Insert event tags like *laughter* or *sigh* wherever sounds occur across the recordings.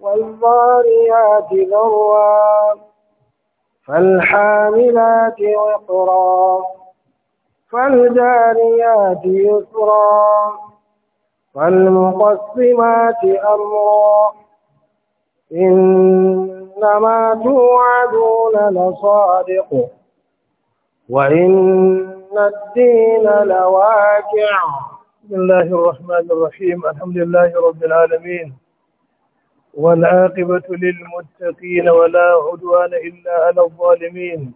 والضاريات ذروا فالحاملات وقرا فالجاريات يسرا فالمقسمات أمرا إنما توعدون لصادق وإن الدين لواقع بسم الله الرحمن الرحيم الحمد لله رب العالمين والعاقبة للمتقين ولا عدوان إلا على الظالمين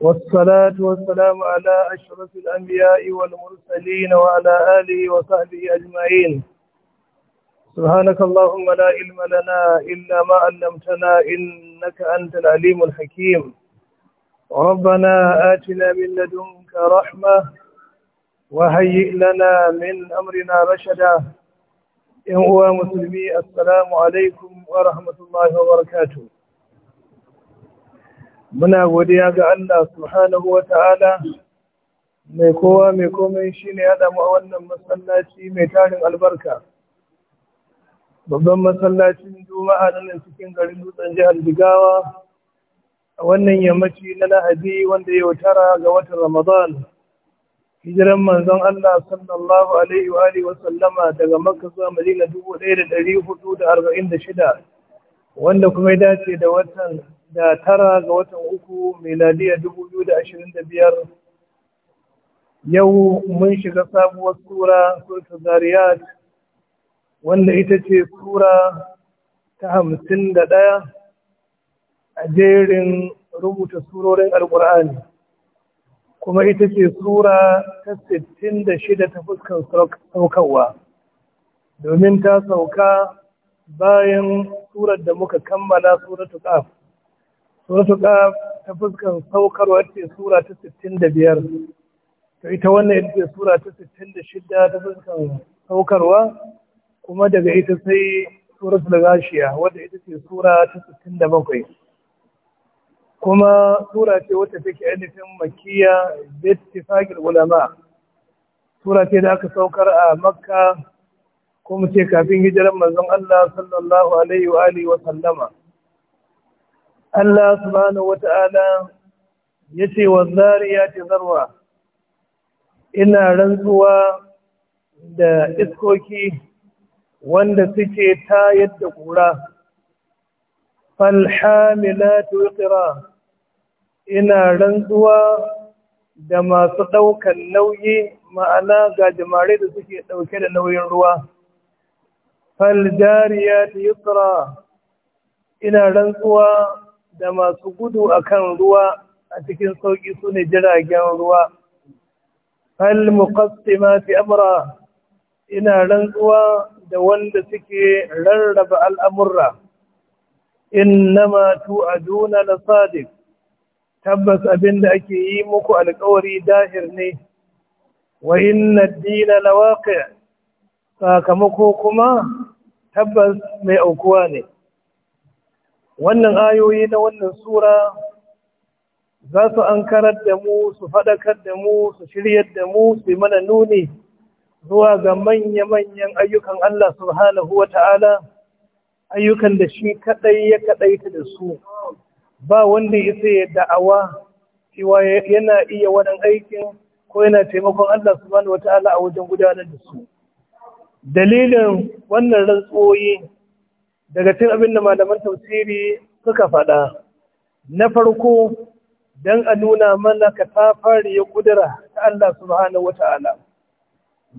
والصلاة والسلام على أشرف الأنبياء والمرسلين وعلى آله وصحبه أجمعين سبحانك اللهم لا علم لنا إلا ما علمتنا إنك أنت العليم الحكيم ربنا آتنا من لدنك رحمة وهيئ لنا من أمرنا رشدا ‘yan uwa musulmi assalamu alaikum wa rahmatullahi wa barakatu muna godiya ga Allah subhanahu wa ta'ala mai kowa mai komai shine ne haɗa mu a wannan masallaci mai tarin albarka babban masallacin juma'a na nan cikin garin dutsen jihar jigawa a wannan yammaci na lahadi wanda yau tara ga watan ramadan hijiran manzon Allah sallallahu alaihi wa alihi wasallama daga Makka zuwa Madina 1446 wanda kuma ya dace da watan da tara ga watan uku miladiya 2025 yau mun shiga sabuwar sura suratul zariyat wanda ita ce sura ta hamsin da ɗaya a jerin rubuta surorin alƙur'ani kuma ita ce sura ta 66 ta fuskar saukarwa domin ta sauka bayan surar da muka kammala suratu ta suratu qaf ta fuskar saukarwa ce sura ta 65 ta ita wannan ita ce sura ta 66 ta fuskar saukarwa kuma daga ita sai ta gashiya wadda ita ce sura ta 67 kuma sura ce wata take ainihin makiya fagil ulama sura ce da aka saukar a makka kuma ce kafin hijiran manzon Allah sallallahu alaihi wa alihi wa sallama Allah subhanahu wata'ala yace wa zariyati zarwa ina rantsuwa da iskoki wanda suke tayar da kura falhamilatu iqra ina rantsuwa da masu ɗaukan nauyi ma'ana ga jimare da suke ɗauke da nauyin ruwa faljariya ta yusra ina rantsuwa da masu gudu a kan ruwa a cikin sauƙi su ne jiragen ruwa falmuqassimati amra ina rantsuwa da wanda suke rarraba al'amurra innama tu'aduna na sadiq tabbas abin da ake yi muku alkawari dahir ne wa inna dina lawaqi sakamako kuma tabbas mai aukuwa ne wannan ayoyi na wannan sura za su ankarar da mu su faɗakar da mu su shiryar da mu su mana nuni zuwa ga manya-manyan ayyukan Allah subhanahu wa ta'ala ayyukan da shi kaɗai ya kaɗaita da su. ba wanda ya sai da'awa cewa yana iya wannan aikin ko yana taimakon Allah subhanahu wata'ala a wajen gudanar da su dalilin wannan rantsoyi daga cin abin da malaman tafsiri suka faɗa na farko dan a nuna mana ka ta ya kudura ta Allah subhanahu wata'ala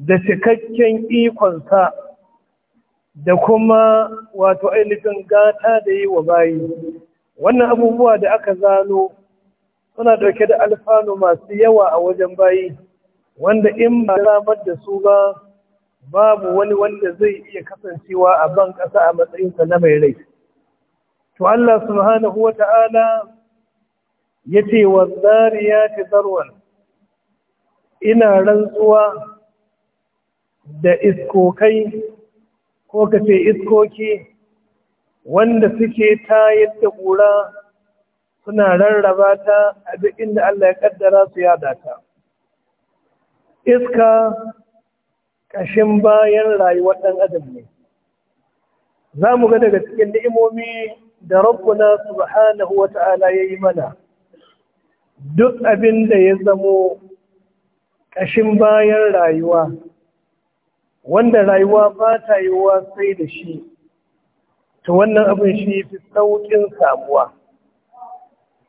da cikakken ikon ikonsa da kuma wato ainihin gata da yi wa bayi wannan abubuwa da aka zano suna ɗauke da alfanu masu yawa a wajen bayi wanda in ba samar da su ba babu wani wanda zai iya kasancewa a ban ƙasa a matsayinsa na mai rai to Allah subhanahu wa ta'ala ya ce wa zariyati zarwan ina rantsuwa da iskokai ko kace ce iskoki wanda suke tayar da ƙura suna rarraba ta a duk inda Allah ya kaddara su yada ta iska ƙashin bayan rayuwar ɗan adam ne za mu ga daga cikin ni'imomi da rabbuna subhanahu wa ta'ala ya yi mana duk abin da ya zamo ƙashin bayan rayuwa wanda rayuwa ba ta yiwuwa sai da shi to wannan abin shi fi sauƙin samuwa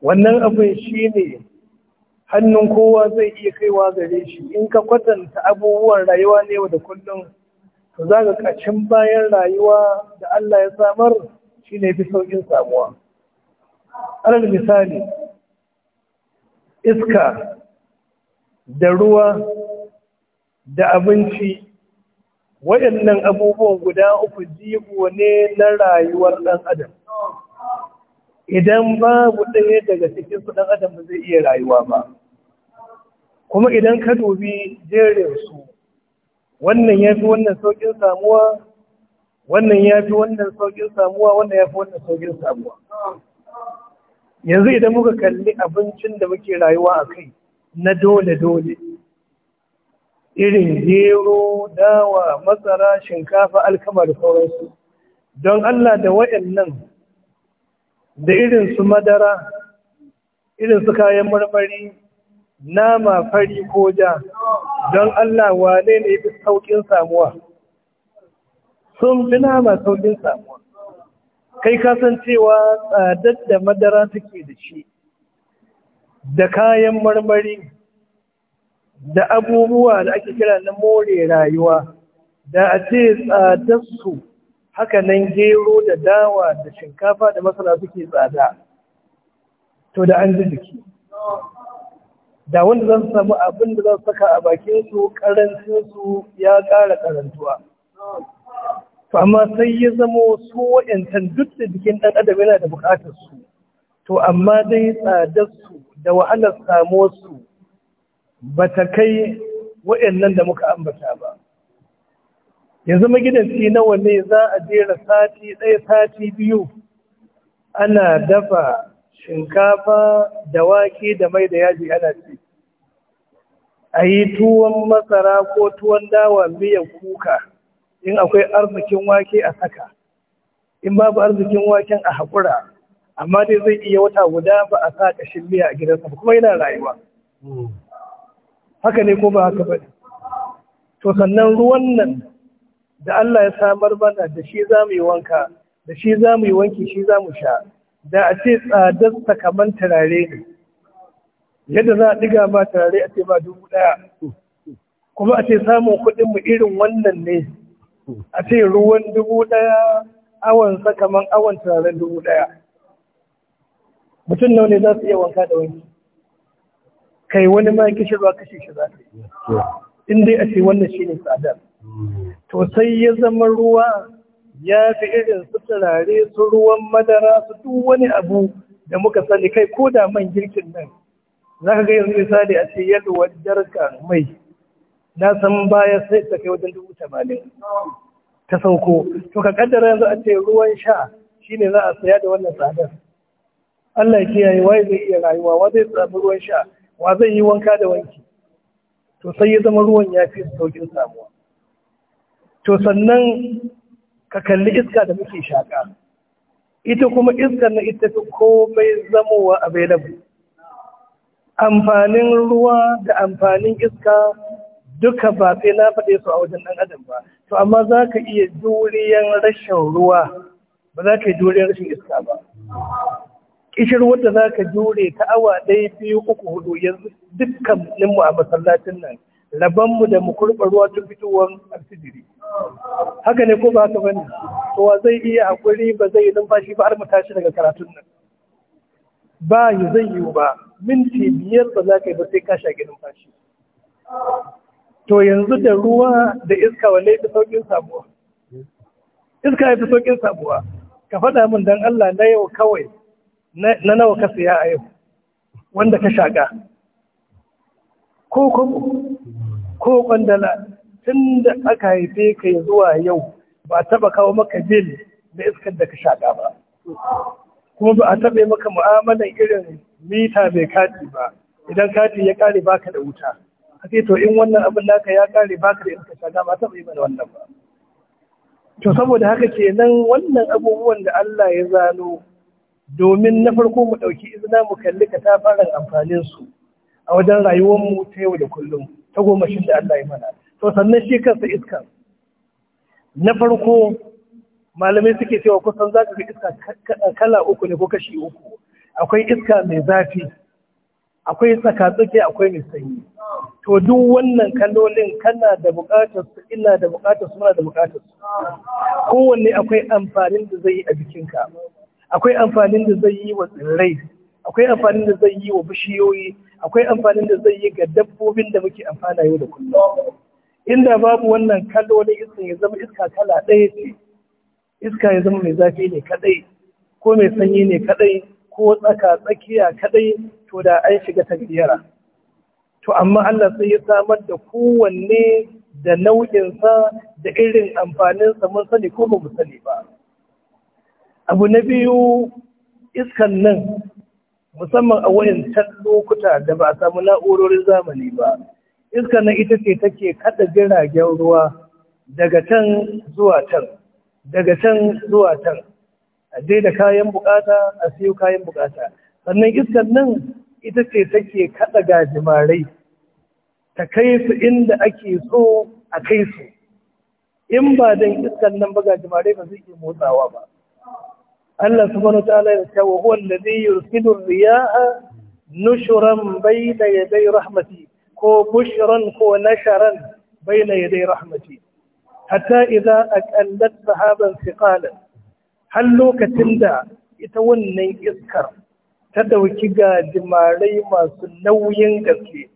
wannan abin shi ne hannun kowa zai iya kaiwa gare shi in ka kwatanta abubuwan rayuwa ne yau da kullum to za ka kacin bayan rayuwa da Allah ya samar shi ne fi sauƙin samuwa alal misali iska da ruwa da abinci waɗannan abubuwan guda uku jigo ne na rayuwar ɗan adam idan babu ɗaya daga cikin su ɗan adam zai iya rayuwa ba kuma idan ka dubi jerin su wannan ya fi wannan saukin samuwa wannan ya fi wannan saukin samuwa wannan ya fi wannan saukin samuwa yanzu idan muka kalli abincin da muke rayuwa a kai na dole-dole irin gero dawa masara shinkafa alkama da sauransu don Allah da waɗannan da irin su madara irin su kayan marmari nama fari ko ja don Allah wane ne fi saukin samuwa sun fi nama saukin samuwa kai cewa tsadar da madara take da shi da kayan marmari da abubuwa da ake kira na more rayuwa da a ce tsadarsu haka nan gero da dawa da shinkafa da masana suke tsada to da an ji jiki da wanda zan samu abin da zan saka a bakinsu karancinsu ya ƙara karantuwa to amma sai ya zamo su wa'yantar duk da jikin ɗan adam yana da buƙatar su to amma dai tsadarsu da wahalar samuwarsu ba ta kai waɗannan da muka ambata ba yanzu magidanci nawa ne za a jera sati ɗaya sati biyu ana dafa shinkafa da wake da mai da yaji ana ci a yi tuwon masara ko tuwon dawa miyan kuka in akwai arzikin wake a saka in babu arzikin waken a haƙura amma dai zai iya wata guda ba a sa ƙashin miya a gidansa kuma yana rayuwa hmm. haka ne ko ba haka ba ne to sannan ruwan nan da Allah ya samar mana da shi za mu yi wanka da shi za mu yi wanki shi za mu sha da a ce tsadar sakaman turare ne yadda za a ɗiga ma turare a ce ba dubu ɗaya kuma a ce samun kuɗin mu irin wannan ne a ce ruwan dubu ɗaya awon sakaman awon turaren dubu ɗaya mutum nawa ne za su iya wanka da wanki kai wani ma kashe kashe shi za in dai a ce wannan shine tsadar to sai ya zama ruwa ya fi irin su turare su ruwan madara su duk wani abu da muka sani kai ko da man girkin nan za ka ga yanzu misali a ce yalwar jarka mai na san baya sai ta kai wajen dubu tamanin ta sauko to ka kaddara yanzu a ce ruwan sha shine za a saya da wannan tsadar Allah ya kiyaye waye zai iya rayuwa wa zai samu ruwan sha wa zai yi wanka da wanki to sai ya zama ruwan ya fi saukin samuwa to sannan ka kalli iska da muke shaƙa ita kuma iskar na ita fi komai zamowa a available amfanin ruwa da amfanin iska duka ba sai na faɗe su a wajen ɗan adam ba to amma za ka iya juriyan rashin ruwa ba za ka yi juriyan rashin iska ba kishir wadda za ka jure ta awa ɗaya biyu uku hudu yanzu dukkan mu a masallacin nan labanmu da mu kurɓa ruwa tun fitowar alfijiri haka ne ko ba ka bani. to wa zai iya haƙuri ba zai yi numfashi ba har mu tashi daga karatun nan ba yi zai yiwu ba minti biyar ba za ka yi ba sai ka shage numfashi to yanzu da ruwa da iska wale ta saukin sabuwa iska ya fi saukin sabuwa ka faɗa min dan Allah na yau kawai na nawa ka siya a yau wanda ka shaƙa ko kwabo ko kwandala tun da aka haife ka zuwa yau ba taɓa kawo maka bil da iskar da ka shaƙa ba kuma ba a taɓa maka mu'amalan irin mita mai kati ba idan kati ya ƙare baka da wuta sai to in wannan abin naka ya ƙare baka da iskar shaƙa ba taɓa yi mana wannan ba to saboda haka ke nan wannan abubuwan da Allah ya zano domin na farko mu ɗauki izina mu kalli ka ta amfanin su a wajen rayuwarmu ta yau da kullum ta goma shi da Allah ya mana to sannan shi kansa iska na farko malamai suke cewa kusan za ka ga iska kala uku ne ko kashi uku akwai iska mai zafi akwai tsakatsaki akwai mai sanyi to duk wannan kalolin kana da bukatar su ina da bukatar su muna da bukatar su kowanne akwai amfanin da zai yi a jikinka akwai amfanin da zai yi wa tsirrai akwai amfanin da zai yi wa bishiyoyi akwai amfanin da zai yi ga dabbobin da muke amfana yau da kullum inda babu wannan kallo na iska ya zama iska kala ɗaya ce iska ya zama mai zafi ne kadai ko mai sanyi ne kadai ko tsaka tsakiya kadai to da an shiga tafiyara to amma Allah sai ya samar da kowanne da nau'insa da irin amfaninsa mun sani ko ba mu sani ba abu na biyu iskan nan musamman a can lokuta da ba a samu na'urorin zamani ba iskan nan ita ce take kada jiragen ruwa daga can zuwa can daga can zuwa can a da kayan bukata a siyo kayan bukata sannan iskan nan ita ce take kada gajimarai ta kai su inda ake so a kai su in ba don iskan nan ba gajimarai ba zai iya motsawa ba Allah subhanahu wa ta'ala ya ce wa huwa alladhi riya'a. ar-riyaha nushran bayna yaday rahmati ko bushran ko nasharan bayna yaday rahmati hatta a aqallat sahaban thiqalan har lokacin da ita wannan iskar ta dauki jimarai masu nauyin gaske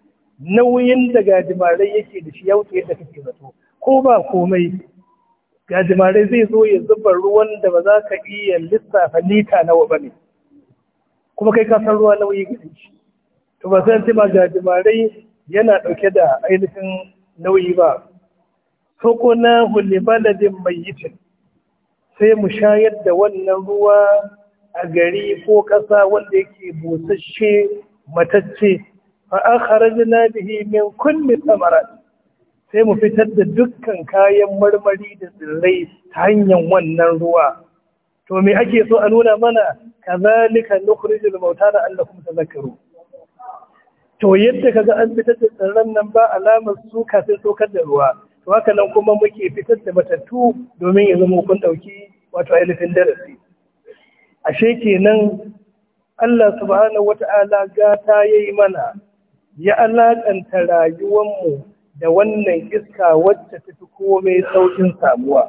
nauyin da jimarai yake da shi ce da kake zato ko ba komai jimare zai zo ya zuba ruwan da ba za ka iya lissafa lita nawa ba ne kuma kai kasar ruwa nauyi ga shi to ba sai ce ma gajimare yana ɗauke da ainihin nauyi ba soko na hulli baladin mayitin sai mu shayar da wannan ruwa a gari ko ƙasa wanda yake busasshe matacce fa akhrajna bihi min kulli thamarat sai mu fitar da dukkan kayan marmari da tsirrai ta hanyar wannan ruwa to me ake so a nuna mana kazalika nukhrijul mauta da Allah ta zakaru? to yadda kaga an fitar da tsirran nan ba alamar suka sai sokar da ruwa to haka nan kuma muke fitar da matattu domin ya zama kun dauki wato ailifin darasi ashe kenan Allah subhanahu wata'ala gata yayi mana ya alaƙanta rayuwanmu. da wannan iska wacce ta fi komai saukin samuwa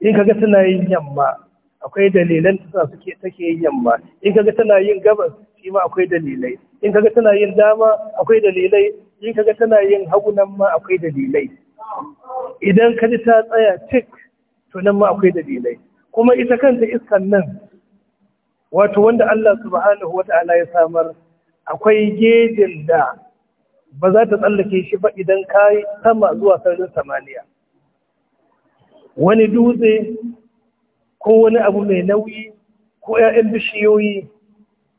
in ga tana yin yamma akwai dalilan ta suke take yin yamma in ga tana yin gabas shi ma akwai dalilai in ga tana yin dama akwai dalilai in ga tana yin hagu nan ma akwai dalilai idan ka ji ta tsaya tik to nan ma akwai dalilai kuma ita kanta iskan nan wato wanda Allah subhanahu Ta'ala ya samar akwai gejin da ba za ta tsallake shi ba idan ka yi sama zuwa sararin samaniya wani dutse ko wani abu mai nauyi ko 'ya'yan bishiyoyi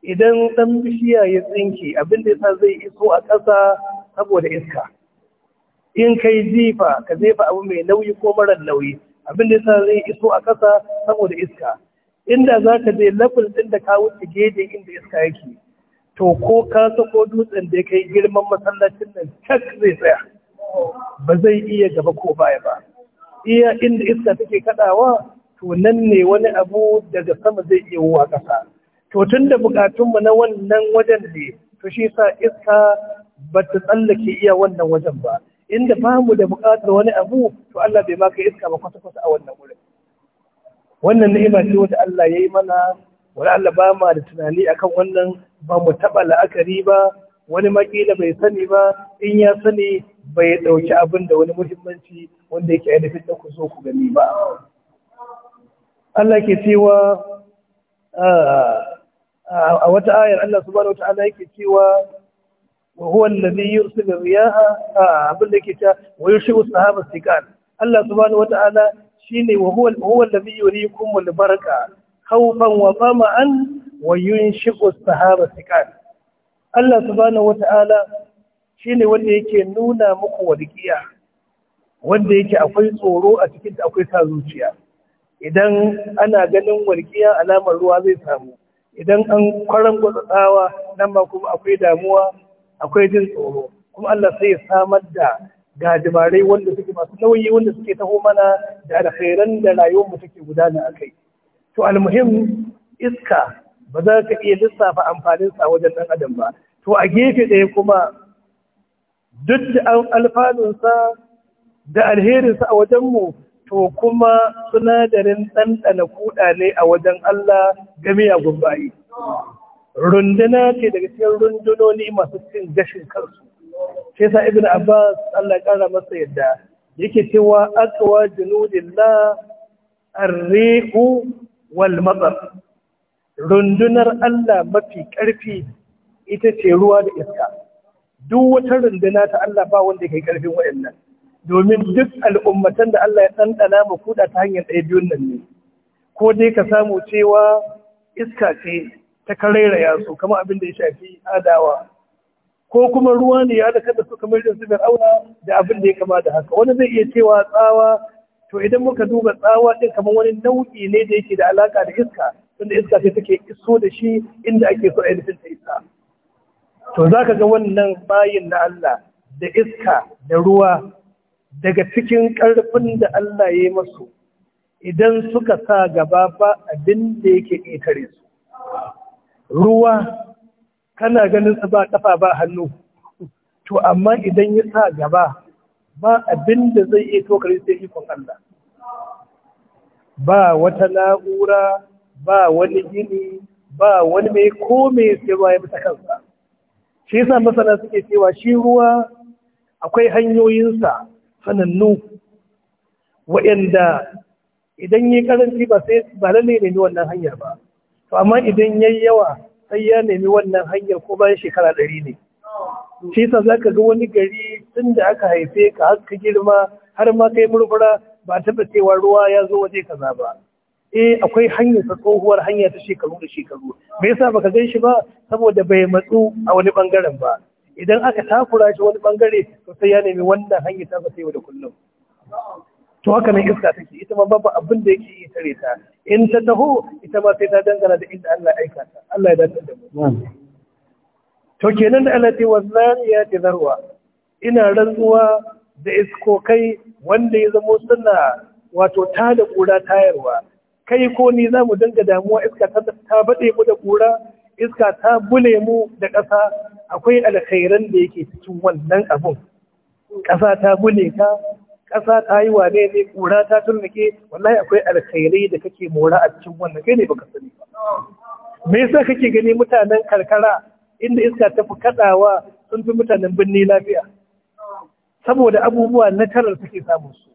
idan ɗan bishiya ya tsinki abinda ya sa zai iso a ƙasa saboda iska in ka yi zifa ka jefa abu mai nauyi ko marar nauyi abinda ya sa zai iso a ƙasa saboda iska inda za ka je lafin ɗin da ka wuce gejin inda iska yake to ko ka sako dutsen da ya kai girman masallacin nan cak zai tsaya ba zai iya gaba ko baya ba iya inda iska take kadawa to nan ne wani abu daga sama zai iya wuwa ƙasa to tun da mu na wannan wajen ne to shi sa iska ba ta tsallake iya wannan wajen ba inda ba da bukatar wani abu to Allah bai maka iska ba kwata-kwata a wannan wurin wannan ni'ima ce wata Allah ya yi mana wani Allah ba ma da tunani akan wannan ba mu taɓa la'akari ba wani makila bai sani ba in ya sani bai ɗauki abin da wani muhimmanci wanda yake ainihin da ku zo ku gani ba Allah ke cewa a wata ayar Allah subhanahu wa ta'ala yake cewa wa huwa alladhi yursilu riyaha abin da yake wa sahaba Allah subhanahu wa ta'ala shine wa huwa huwa alladhi yuriikum al khawfan wa tama'an wa yunshiqu as-sahara thiqal Allah Ta'ala shi shine wanda yake nuna muku wadiya wanda yake akwai tsoro a cikin da akwai sa zuciya idan ana ganin walƙiya alamar ruwa zai samu idan an kwaran tsawa nan ma kuma akwai damuwa akwai jin tsoro kuma Allah sai ya samar da gajimarai wanda suke masu nauyi wanda suke taho mana da alkhairan da rayuwar mu take gudana akai to almuhim iska ba za ka iya lissafa amfaninsa a wajen ɗan adam ba to a gefe ɗaya kuma duk da an alfanunsa da alherinsa a wajenmu to kuma sinadarin ɗanɗana kuɗa ne a wajen Allah ga ya bayi runduna ce daga cikin rundunoni masu cin gashin kansu sai sa ibn abbas Allah ƙara masa yadda yake cewa aqwa junudillah ar-rihu wal matsar rundunar Allah mafi ƙarfi ita ce ruwa da iska duk wata runduna ta Allah ba wanda kai ƙarfin waɗannan domin duk al'ummatan da Allah ya ɗanɗana mu kuɗa ta hanyar ɗaya biyun nan ne ko dai ka samu cewa iska ce ta ya yatsu kamar abin da ya shafi adawa ko kuma ruwa ne ya da su kamar da su auna da abin da ya kama da haka wani zai iya cewa tsawa to idan muka duba tsawa ɗin kamar wani nau'i ne da yake da alaƙa da iska tunda iska ce take iso da shi inda ake so ainihin ta isa to za ka ga wannan bayin na Allah da iska da ruwa daga cikin ƙarfin da Allah ya yi masu idan suka sa gaba ba abin da yake ƙetare su ruwa kana ganin su ba ƙafa ba hannu to amma idan ya sa gaba ba abin da zai iya tokare sai ikon Allah ba wata na'ura ba wani gini ba wani mai ko mai sai ruwa ya bisa kansa shi yasa masana suke cewa shi ruwa akwai hanyoyinsa sanannu waɗanda idan yi karanci ba sai ba lalle nemi wannan hanyar ba to amma idan ya yi yawa sai ya nemi wannan hanyar ko bayan shekara ɗari ne shi yasa ka ga wani gari tun da aka haife ka har girma har ma kai murfura ba taɓa cewa ruwa ya zo waje kaza ba eh akwai hanyar ta tsohuwar hanya ta shekaru da shekaru me yasa baka gan shi ba saboda bai matsu a wani bangaren ba idan aka takura shi wani bangare to sai ya nemi wannan hanyar ta sai da kullum to haka ne iska take ita ma babu abin da yake yi tare ta in ta taho ita ma sai ta dangana da inda Allah ya aika ta Allah ya dace da mu to kenan da Allah ya wallahi ya ina rantsuwa da iskokai wanda ya zama suna wato ta da kura tayarwa kai ko ni za mu dinga damuwa iska ta baɗe mu da ƙura iska ta bule mu da ƙasa akwai alkhairan da yake cikin wannan abun ƙasa ta bule ka ƙasa ta yi wane ne ƙura ta turnake wallahi akwai alkhairai da kake mora a cikin wannan kai ne baka sani ba me yasa kake gani mutanen karkara inda iska ta fi kaɗawa sun fi mutanen birni lafiya saboda abubuwa na tarar suke samun su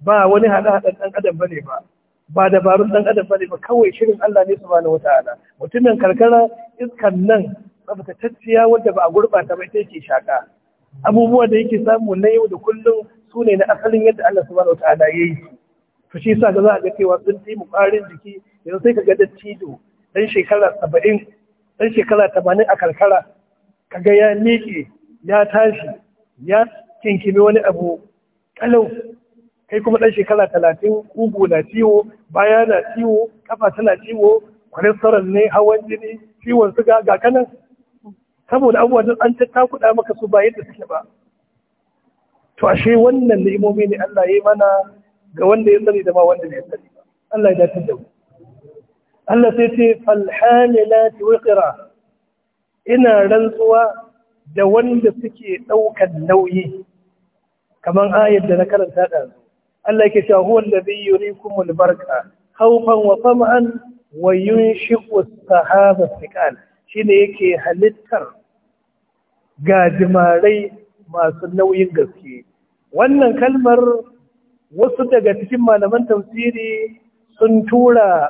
ba wani haɗa-haɗan ɗan adam bane ba ba dabarun dan adam bane ba kawai shirin Allah ne subhanahu wata'ala mutumin karkara iskan nan tsaftatacciya wanda ba a gurbata ba ita yake shaka abubuwa da yake samu na yau da kullum su ne na asalin yadda Allah subhanahu wata'ala ya yi su to shi yasa ga za a ga cewa sun mu ƙarin jiki yanzu sai ka ga dattijo dan shekara saba'in dan shekara tamanin a karkara kaga ya miƙe ya tashi ya kinkimi wani abu kalau kai kuma ɗan shekara talatin ƙugu na ciwo baya na ciwo kafa tana ciwo cholesterol ne hawan jini ciwon suga ga kanan saboda abubuwa da an kuɗa maka su ba yadda suke ba to ashe wannan imomi ne Allah ya yi mana ga wanda ya sani da ma wanda bai sani Allah ya dace da mu Allah sai ce falhamilati wiqra ina rantsuwa da wanda suke ɗaukar nauyi kamar ayar da na karanta ɗan. Allah yake cewa huwa alladhi yurikumul barka. khawfan wa tam'an wa yunshiqu as-sahaba thiqal shine yake halittar gajimarai masu nauyin gaske wannan kalmar wasu daga cikin malaman tafsiri sun tura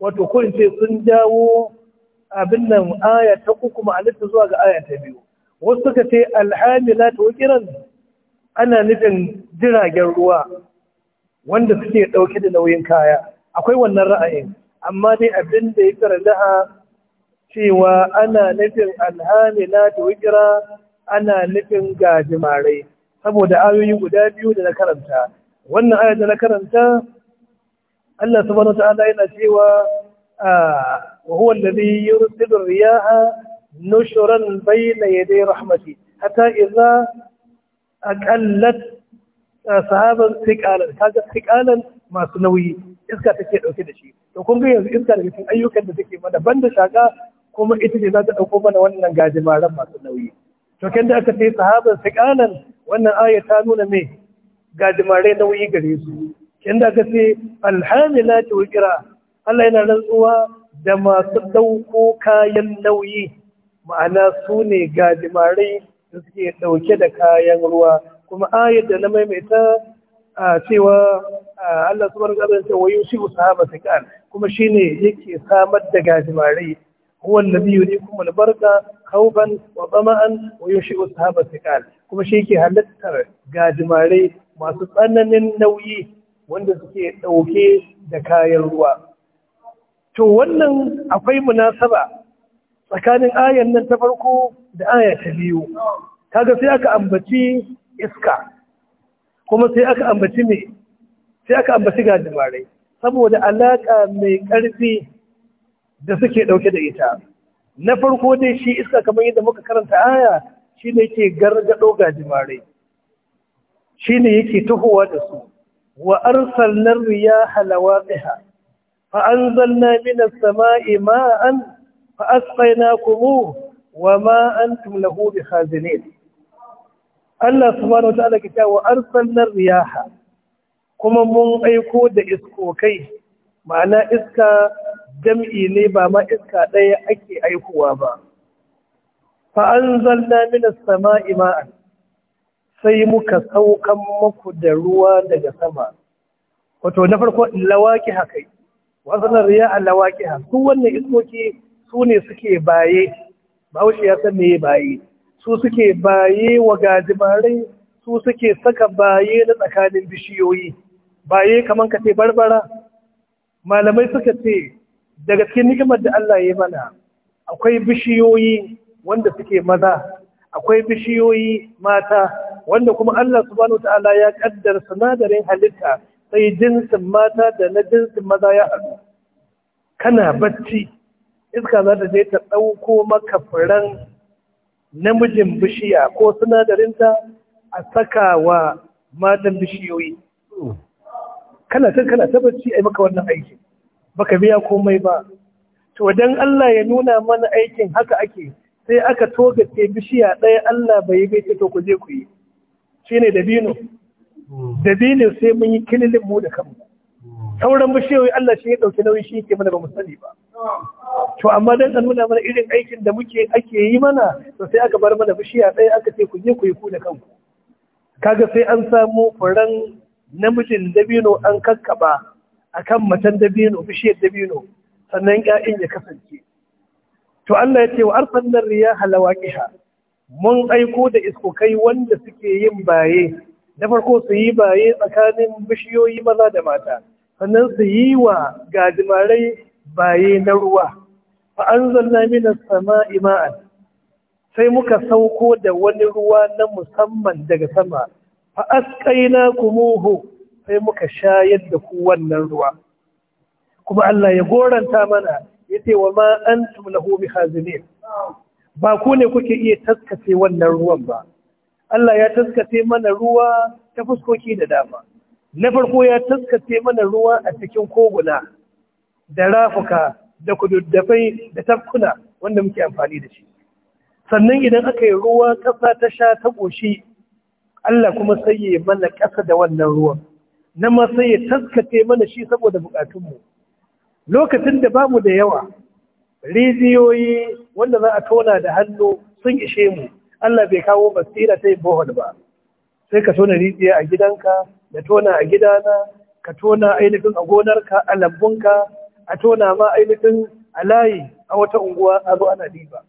wato ko ce sun jawo abin nan aya ta uku alitta zuwa ga aya ta biyu wasu suka ce alhamila to kiran ana nufin jiragen ruwa wanda suke ɗauke da nauyin kaya akwai wannan ra'ayin amma dai abin da ya karlaha cewa ana nufin alhamila da wikira ana nufin gajimarai saboda ayoyi guda biyu da na karanta wannan ayar da na karanta Allah subhanahu wa ta'ala yana cewa ah, wa huwa alladhi yursilu riyaha nushran bayna yaday rahmati hatta idza aqallat sahaban thiqalan kaga thiqalan masu nauyi iska take dauke da shi to kun ga yanzu iska daga cikin ayyukan da take mana banda shaka kuma ita ce za ta dauko mana wannan gajimaran masu nauyi to kan da aka ce sahaban thiqalan wannan aya ta nuna me gajimare nauyi gare su kan da aka ce alhamilatu wikra Allah yana rantsuwa da masu dauko kayan nauyi ma'ana su ne gajimare da suke dauke da kayan ruwa kuma ayar da na maimaita a cewa Allah subhanahu wa ta'ala wasu yushiku sahabata kan kuma shi ne yake samar da gajimarai huwa ne kuma albarka khawfan wa tama'an wa yushiku sahabata kan kuma shi yake halittar gadimare, masu tsananin nauyi wanda suke ɗauke da kayan ruwa to wannan akwai munasaba tsakanin ayan nan ta farko da aya ta biyu kaga sai aka ambaci iska kuma sai aka ambaci gadimare sai aka ambaci gajimare saboda alaƙa mai ƙarfi da suke ɗauke da ita na farko dai shi iska kamar yadda muka karanta aya shi ne yake gargado gajimare shi ne yake tuhowa da su wa riya halawa lawaqiha fa an zanna minas sama'i ma'an fa na kuma wa ma tumlahu bi bikhazinin Allah subhanahu ta'ala kace wa arsalnar riyaha kuma mun aiko da iskokai ma'ana iska jam'i ne ba ma iska ɗaya ake aikowa ba fa anzalna minas sama'i ma'an sai muka saukan muku da ruwa daga sama wato na farko lawaki hakai wasanar riyaha lawaki su wannan iskoki su ne suke baye bahaushe ya san me baye su suke baye wa gajimarai su suke saka baye na tsakanin bishiyoyi baye kamar ka ce barbara malamai suka ce daga cikin nikimar da Allah ya mana akwai bishiyoyi wanda suke maza akwai bishiyoyi mata wanda kuma Allah subhanahu ta'ala ya kaddara sinadarin halitta sai jinsin mata da na jinsin maza ya haɗu kana bacci iska za ta je ta ɗauko maka furen namijin bishiya ko sinadarin ta a saka wa matan bishiyoyi kana ta kana ta a yi maka wannan aikin baka biya komai ba to don Allah ya nuna mana aikin haka ake sai aka toga togace bishiya ɗaya Allah bai yi bai to ku je ku yi Shi ne dabino dabino sai mun yi kililin mu da kanmu sauran bishiyoyi Allah shi ya ɗauki nauyi shi ke mana ba mu sani ba to amma dan a nuna mana irin aikin da muke ake yi mana to sai aka bar mana bishiya ɗaya aka ce ku je ku yi ku da kanku kaga sai an samu furen namijin dabino an kakkaba akan matan dabino bishiyar dabino sannan ƴaƴan ya kasance to Allah ya ce wa arsalna riyaha lawaqiha mun aiko da iskokai wanda suke yin baye da farko su yi baye tsakanin bishiyoyi maza da mata sannan su yi wa gadimarai baye na ruwa fa'anzalna minas sama'i ma'an. sai muka sauko da wani ruwa na musamman daga sama fa'askaina kumuhu sai muka shayar da ku wannan ruwa kuma Allah ya goranta mana ya ce wa ma an tumlahu bi hazinin ba ku ne kuke iya taskace wannan ruwan ba Allah ya taskace mana ruwa ta fuskoki da dama na farko ya taskace mana ruwa a cikin koguna da rafuka da kududdafai da tafkuna wanda muke amfani da shi sannan idan aka yi ruwa ƙasa ta sha ta ƙoshi Allah kuma sai ya mana ƙasa da wannan ruwan na ma sai ya taskace mana shi saboda buƙatunmu lokacin da babu da yawa rijiyoyi wanda za a tona da hannu sun ishe mu Allah bai kawo basira ta yi bohol ba sai ka tona rijiya a gidanka da tona a gidana ka tona ainihin a gonarka a lambunka a tona ma ainihin a layi a wata unguwa a zo ana diba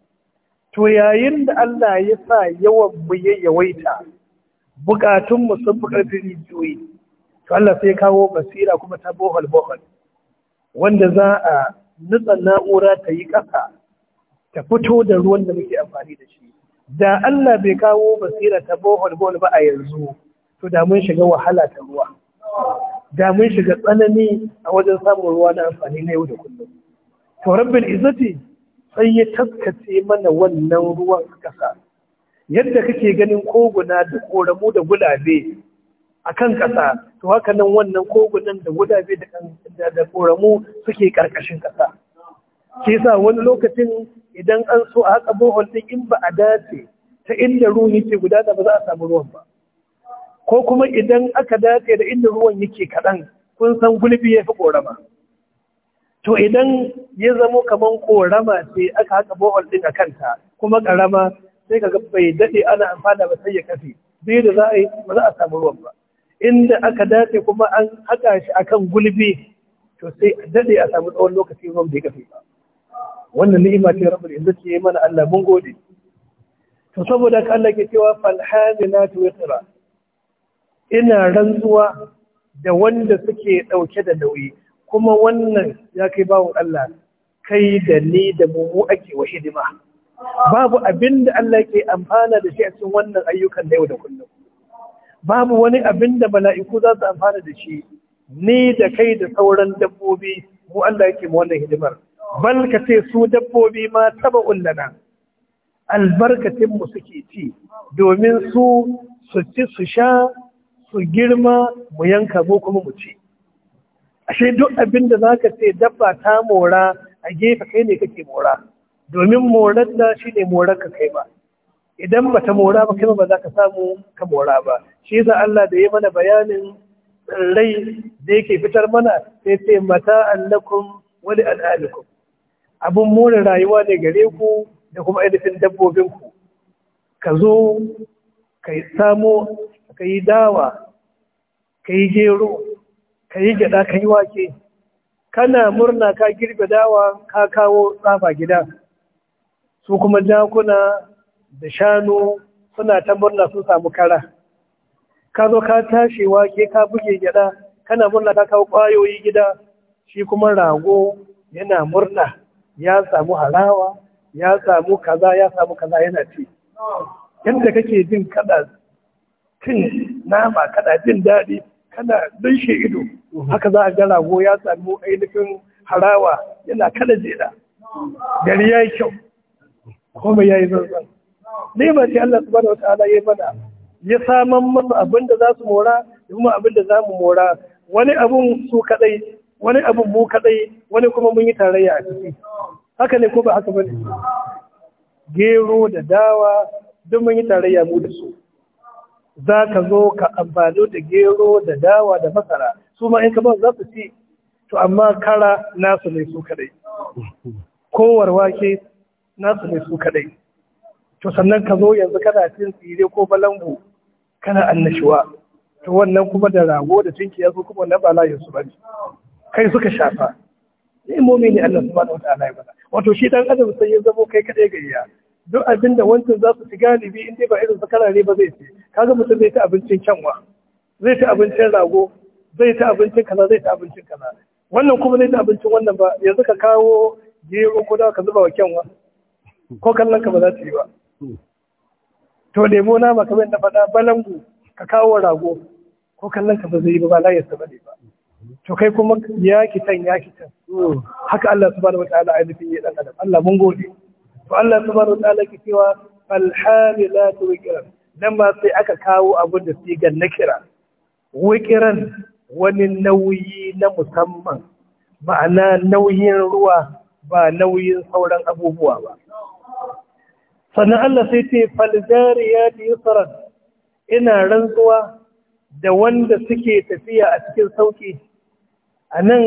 to yayin da Allah ya sa yawan mu ya yawaita bukatun mu sun fi karfin rijiyoyi to Allah sai kawo basira kuma ta bohol bohol wanda za a nutsa na'ura ta yi ƙasa ta fito da ruwan da muke amfani da shi da Allah bai kawo basira ta bohol bohol ba a yanzu to damun shiga wahala ta ruwa da mun shiga tsanani a wajen samun ruwa na amfani na yau da kullum to rabbin izzati sai ya taskace mana wannan ruwan ƙasa. yadda kake ganin koguna da koramu da gulabe a kan kasa to haka nan wannan kogunan da gulabe da koramu suke karkashin kasa ke sa wani lokacin idan an so a haka bohol din in ba a dace ta inda ruwan yake gudana ba za a samu ruwan ba ko kuma idan aka dace da inda ruwan yake kaɗan kun san gulbi ya fi ƙorama to idan ya zamo kamar ƙorama sai aka haka bohol ɗin a kanta kuma ƙarama sai ka bai daɗe ana amfana ba sai ya kafe zai da za a yi ba za a samu ruwan ba inda aka dace kuma an haƙa shi a kan gulbi to sai daɗe a samu tsawon lokaci ruwan bai kafe ba wannan ni'ima ce rabbul izzati yayi mana Allah mun gode to saboda ka Allah ke cewa fal ya tsira. ina rantsuwa da wanda suke ɗauke da nauyi kuma wannan ya kai bawon Allah kai da ni da mu ake wa hidima babu abin da Allah ke amfana da shi a cikin wannan ayyukan da yau da kullum babu wani abin da mala'iku za su amfana da shi ni da kai da sauran dabbobi mu Allah yake mu wannan hidimar bal ka ce su dabbobi ma taba ullana albarkatin mu suke ci domin su su ci su sha su girma mu yanka mu kuma mu ci ashe duk abin da zaka ce dabba ta mora a gefe kai ne kake mora domin morar da shine morar ka kai ba idan ba ta mora ba kai ba za ka samu ka mora ba shi yasa Allah da ya mana bayanin rai da yake fitar mana sai ce mata allakun wani al'alikum abin more rayuwa ne gare ku da kuma ainihin ku. ka zo ka yi samo ka yi dawa ka yi gero ka yi gyaɗa ka yi wake kana murna ka girbe dawa ka kawo tsafa gida su kuma jakuna da shanu suna ta murna sun samu kara ka zo ka tashi wake ka buge gyaɗa kana murna ka kawo ƙwayoyi gida shi kuma rago yana murna ya samu harawa ya samu kaza ya samu kaza yana ci yadda kake jin kada cin nama kada jin daɗi kana shi ido mhm. haka za a ga rago ya samu ainihin harawa yana kada jera gari ya yi kyau kuma ya yi zanzan ba ce Allah subhanahu wa ta'ala ya mana ya saman mana abin da za su mora kuma abin da za mu mora wani abun su kadai wani abun mu kadai wani kuma mun yi tarayya a ciki haka ne ko ba haka bane gero da dawa duk mun yi tarayya mu da su za ka zo ka amfani da gero da dawa da masara su ma in ka za su ci to amma kara nasu ne su kadai kowar wake nasu ne su kadai to sannan ka zo yanzu kana cin tsire ko balangu kana annashuwa to wannan kuma da rago da tunkiya su kuma na balayin su bane kai suka shafa ni'imomi ne Allah subhanahu wata ya bada wato shi dan adam sai ya zamo kai kadai gayya duk abin da wancan za su ci galibi in dai ba irin sakara ne ba zai ci kaga mutum zai ta abincin kyanwa zai ta abincin rago zai ta abincin kaza zai ta abincin kaza wannan kuma zai ta abincin wannan ba yanzu ka kawo gero ko da ka zuba wa kyanwa ko kallon ka ba za ta yi ba to lemo na ma kamar da faɗa balangu ka kawo rago ko kallon ka ba zai yi ba ba layar ba ne ba to kai kuma ya kitan ya kitan mm. haka Allah subhanahu wataala ainihin ya dan adam Allah mun gode Allah su na ta'ala ke cewa alhamilatu wikiran nan ba sai aka kawo abin da sigar na kira wikiran wani nauyi na musamman ma'ana nauyin ruwa ba nauyin sauran abubuwa ba sannan Allah sai ce falzariyat yusuran ina rantsuwa da wanda suke tafiya a cikin sauƙi. a nan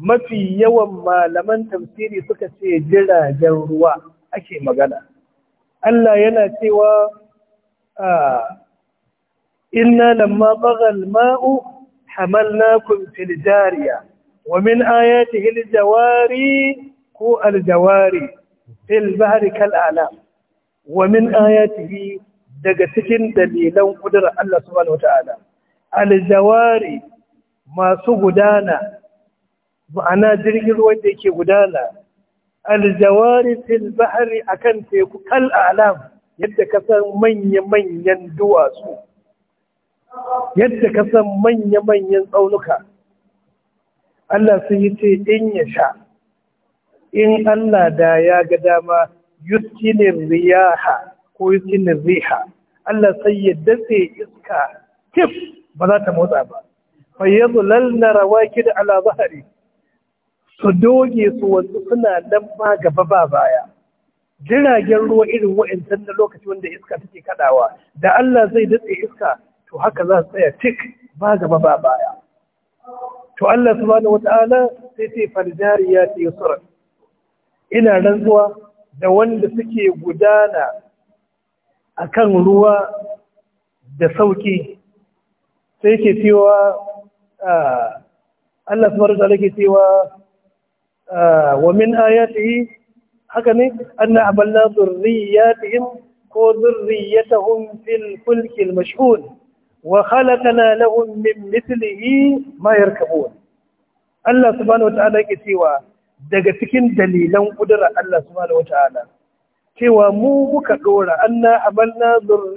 mafi yawan malaman tafsiri suka ce jiragen ruwa ake magana Allah yana cewa inna lamma bagal ma'u hamalnakum fil jariya wa min ayatihi al-jawari ko aljawari? jawari fil bahri kal alam wa min ayatihi daga cikin dalilan kudurar Allah subhanahu wata'ala al masu gudana ma'ana jirgin ruwan da yake gudana aljawari fil bahri akan teku kal alam yadda ka san manya-manyan duwatsu yadda ka san manya-manyan tsaunuka Allah sai yi ce in ya sha in Allah da ya ga dama yuskinin riyaha ko yuskinin riha Allah sai ya dace iska kif ba za ta motsa ba fa yadhlalna rawakid da ala zahri su doge su wanzu suna nan ma gaba ba baya jiragen ruwa irin wa'ancan na lokaci wanda iska take kadawa da Allah zai datse iska to haka za su tsaya tik ba gaba ba baya to Allah subhanahu wata'ala sai ce farjariyat yusra ina rantsuwa da wanda suke gudana kan ruwa da sauki sai ke cewa ah, Allah subhanahu wata'ala ke cewa wa min ayatihi haka ne anna aballa zurriyatihim ko zurriyatahum fil fulkil mashhun wa khalaqana lahum min mithlihi ma yarkabun Allah subhanahu wataala yake cewa daga cikin dalilan kudura Allah subhanahu wataala cewa mu muka dora anna amalna ko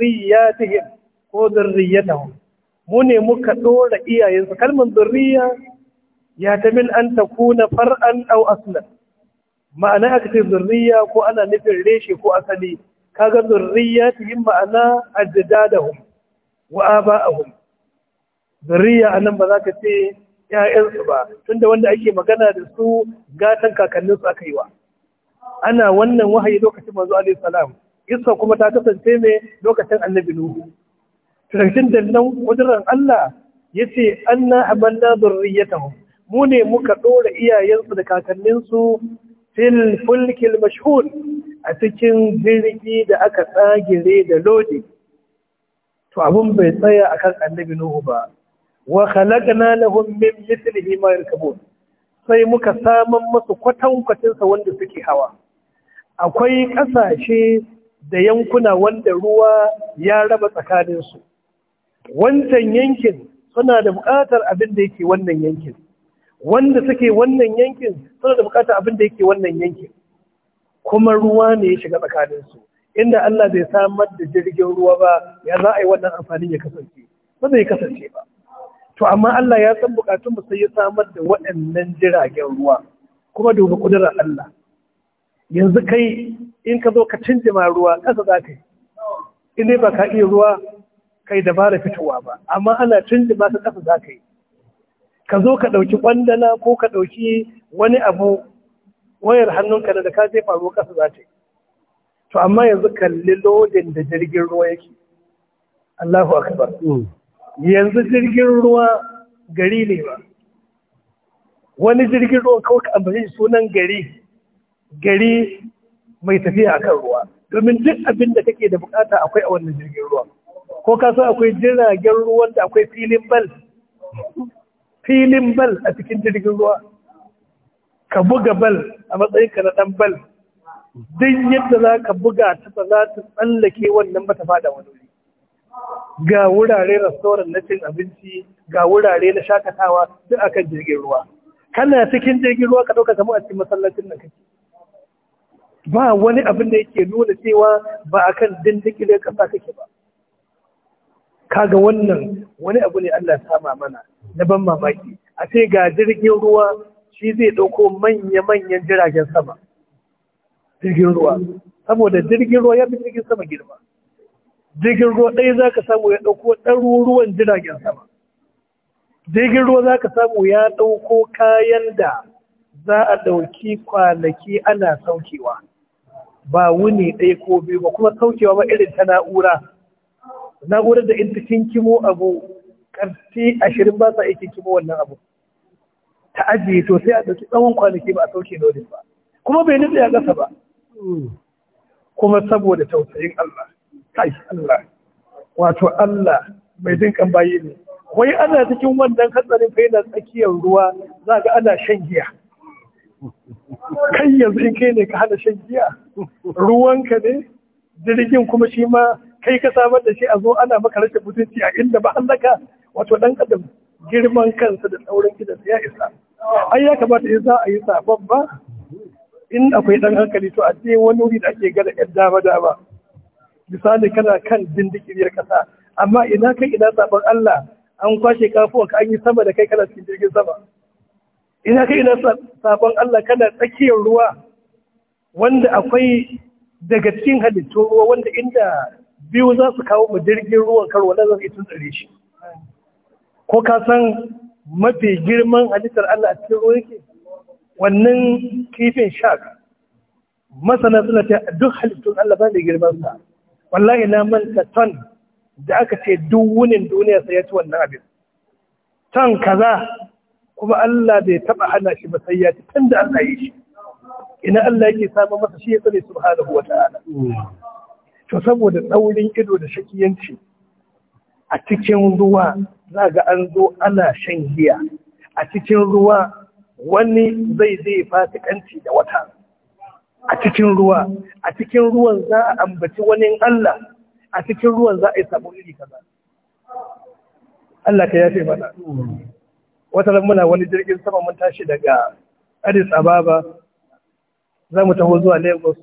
mu iyayensu kalmar zurriya ya ta mil an kuna far'an au aslan ma'ana aka ce zurriya ko ana nufin reshe ko asali kaga zurriya ta yi ma'ana da hum. wa hum. zurriya anan ba za ka ce ‘ya'yansu ba tunda wanda ake magana da su gatan kakanninsu aka yi wa ana wannan wahayi lokacin manzo alaihi salam iska kuma ta kasance mai lokacin annabi nuhu tunakin da nan kudurar Allah ya ce yace na amanna zurriyatahum mu ne muka ɗora iyayensu da kakanninsu fil fulkil mashhur a cikin jirgi da aka tsagire da lodi to abin bai tsaya a kan annabi nuhu ba wa na lahum min mithlihi ma yarkabun sai muka saman masu kwatankwacin sa wanda suke hawa akwai ƙasashe da yankuna wanda ruwa ya raba tsakaninsu wancan yankin suna da buƙatar abin da yake wannan yankin wanda suke wannan yankin suna da bukatar abin da yake wannan yankin kuma ruwa ne ya shiga tsakaninsu inda Allah bai samar da jirgin ruwa ba ya za a yi wannan amfanin ya kasance ba zai kasance ba to amma Allah ya san bukatun mu sai ya samar da waɗannan jiragen ruwa kuma dubi kudurar Allah yanzu kai in ka zo ka ma ruwa ƙasa za ka yi in dai ba ka iya ruwa kai dabara fitowa ba amma ana ma ka kasa za ka yi ka zo ka ɗauki ƙwandana ko ka ɗauki wani abu wayar hannunka da ka zai faru ƙasa za ta yi to amma yanzu kalli lodin da jirgin ruwa yake Allahu akbar hmm. yanzu jirgin ruwa gari ne ba wani jirgin ruwa kawai ka ambaci sunan gari gari mai tafiya a kan ruwa domin duk abin da kake da bukata akwai a wannan jirgin ruwa ko ka san akwai jiragen ruwan da akwai filin bal filin bal a cikin jirgin ruwa ka buga bal a matsayinka na ɗan bal duk yadda za ka buga ta ba za ta tsallake wannan ba ta fada wani wuri ga wurare restoran na cin abinci ga wurare na shakatawa duk akan jirgin ruwa kana cikin jirgin ruwa ka ɗauka samu a cikin masallacin nan kake ba wani abin da yake nuna cewa ba akan dindindin ƙasa kake ba kaga wannan wani abu ne Allah sama mana na ban mamaki a ce ga jirgin ruwa shi zai ɗauko manya-manyan jiragen sama jirgin ruwa saboda jirgin ruwa ya fi jirgin sama girma jirgin ruwa ɗaya za ka samu ya ɗauko ɗaruruwan jiragen sama jirgin ruwa za ka samu ya ɗauko kayan da za a ɗauki kwanaki ana saukewa ba wuni ɗaya ko biyu ba kuma saukewa ba irin ta na'ura na'urar da in ta kinkimo abu karfi ashirin ba sa aikin kimo wannan abu ta ajiye to sai a ɗauki tsawon kwanaki ba a sauke nodin ba kuma bai nufi a ƙasa ba kuma saboda tausayin Allah kai Allah wato Allah mai dinkan bayi ne wai ana cikin wannan hatsarin faina tsakiyar ruwa za ga ana shan giya kai yanzu in kai ne ka hana shan giya ruwanka ne jirgin kuma shi ma kai ka samar da shi a zo ana maka rashin mutunci a inda ba an wato dan adam girman kansa da tsaurin gidan ya isa ai ya kamata in za a yi sabon ba in akwai dan hankali to a je wani wuri da ake gada yan dama dama misali kana kan dindigiriyar kasa amma ina kai ina sabon Allah an kwashe kafuwa ka an yi sama da kai kana cikin jirgin sama ina kai ina sabon Allah kana tsakiyar ruwa wanda akwai daga cikin halittun ruwa wanda inda biyu za su kawo mu jirgin ruwan karo wanda za su yi tsare shi ko ka san mafi girman halittar Allah a cikin ruwa yake wannan kifin shark masana suna ce duk halittun Allah ba da girman sa wallahi na manta ton da aka ce duk wunin duniya sai ya ci wannan abin ton kaza kuma Allah bai taba hana shi ba sai ya ci tun da yi shi ina Allah yake samun masa shi ya tsare subhanahu wa to saboda tsaurin ido da shakiyanci a cikin ruwa za ga an zo ana shan giya a cikin ruwa wani zai zai fasikanci da wata a cikin ruwa a cikin ruwan za a ambaci wani Allah a cikin ruwan za a yi sabon iri kaza Allah ka yafe mana wata muna wani jirgin sama mun tashi daga Addis Ababa za mu taho zuwa Lagos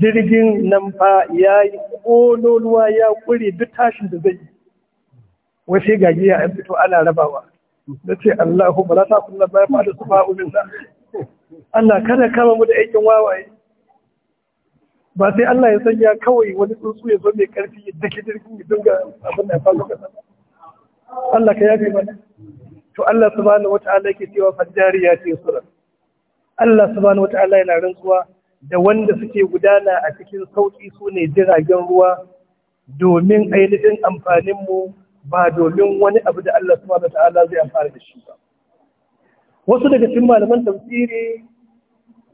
jirgin nan fa ya yi ƙololuwa ya ƙure duk tashin da zai yi wasu gaji ya fito ana rabawa na ce Allahu ba ta kula ba ya fada su ba umin na Allah kada kama mu da aikin wawaye ba sai Allah ya sanya kawai wani tsuntsu ya zo mai karfi ya dake jirgin ya dinga abin da ya faru kasa Allah ka yafe mana to Allah subhanahu wata'ala yake cewa ya ce sura Allah subhanahu wata'ala yana rantsuwa da wanda suke gudana a cikin sauƙi su ne jiragen ruwa domin ainihin amfaninmu ba domin wani abu da Allah ba ta'ala zai amfana da shi ba wasu daga cikin malaman tafsiri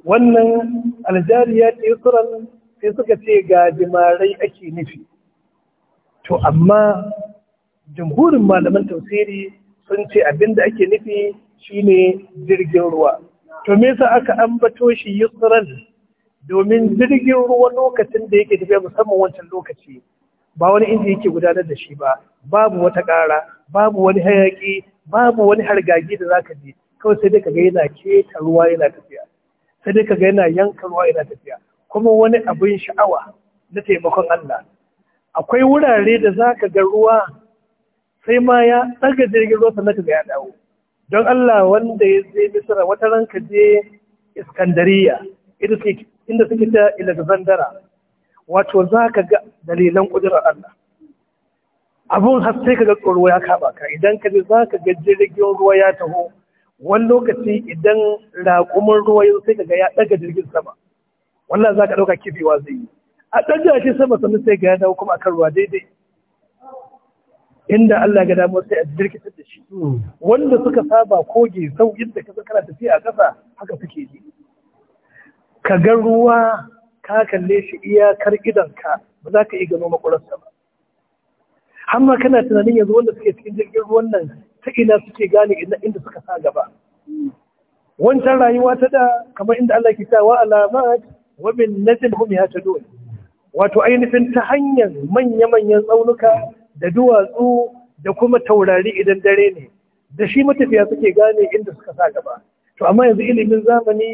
wannan aljariya tsoron sai suka ce ga jimarai ake nufi to amma jamhurin malaman tafsiri sun ce abin da ake nufi shine jirgin ruwa to me aka ambato shi yusran domin jirgin ruwa lokacin da yake tafiya musamman wancan lokaci ba wani inda yake gudanar da shi ba babu wata ƙara babu wani hayaƙi babu wani hargagi da zaka je kawai sai dai kaga yana keta ruwa yana tafiya sai dai kaga yana yanka ruwa yana tafiya kuma wani abin sha'awa na taimakon Allah akwai wurare da zaka ga ruwa sai ma ya tsaga jirgin ruwa sannan kaga ya dawo don Allah wanda ya je Misra wata ranka je Iskandariya ita ce inda suke ta Alexandra wato za ka ga dalilan ƙudurar Allah abun har sai ka ga tsoro ya kaba ka idan ka ji za ka ga jirgin ruwa ya taho wani lokaci idan raƙumin ruwa yau sai ka ga ya ɗaga jirgin sama wannan za ka ɗauka kifewa zai yi a ɗaga shi sama sami sai ga ya dawo kuma akan ruwa daidai inda Allah ga damar sai a jirkitar da shi hmm. wanda suka saba kogi sau yadda ka kana tafiya a ƙasa haka suke yi ka ga ruwa ka kalle shi iyakar gidanka ba za ka iya gano ba hamma kana tunanin yanzu wanda suke cikin jirgin ruwan nan ta ina suke gane ina inda suka sa gaba wancan rayuwa ta da kamar inda Allah ke cewa alamat wa bin najm hum yahtadun wato ainihin ta hanyar manya-manyan tsaunuka da duwatsu da kuma taurari idan dare ne da shi matafiya suke gane inda suka sa gaba to amma yanzu ilimin zamani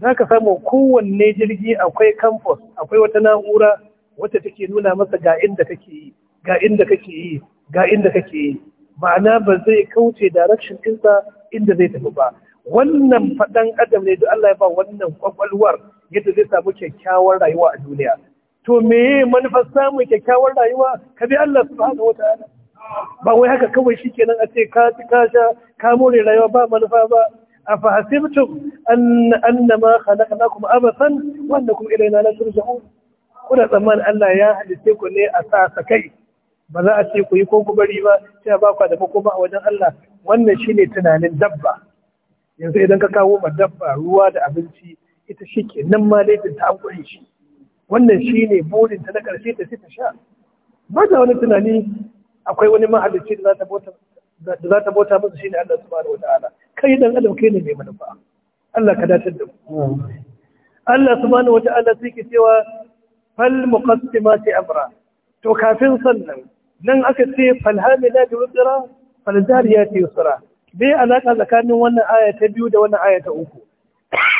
za ka samu kowanne jirgi akwai kamfos akwai wata na'ura wata take nuna masa ga inda kake yi ga inda kake yi ga inda kake yi ma'ana ba zai kauce direction ɗinsa inda zai tafi ba wannan faɗan adam ne da Allah ya ba wannan kwakwalwar yadda zai samu kyakkyawar rayuwa a duniya to meye manufar samun kyakkyawar rayuwa ka bi Allah subhanahu wataala ba wai haka kawai shikenan a ce ka ci ka sha ka more rayuwa ba manufa ba A أفحسبتم أن أنما خلقناكم أبثا وأنكم إلينا لا ترجعون kuna tsammanin Allah ya halitte ku ne a sa sakai ba za a ce ku yi ko ku bari ba sai ba ku da makoma a wajen Allah wannan shine tunanin dabba yanzu idan ka kawo ma dabba ruwa da abinci ita shike nan ma laifin ta hankuri shi wannan shine burin ta na karshe ta sai ta sha ba da wani tunani akwai wani mahalicci da za ta bauta da za ta bauta masa shine Allah subhanahu wataala kai dan adam kai ne mai manufa Allah ka dace da mu Allah subhanahu wataala sai ke cewa fal muqassimati amra to kafin sannan nan aka ce fal hamilati wusra fal zariyati yusra bai alaka tsakanin wannan aya ta biyu da wannan aya ta uku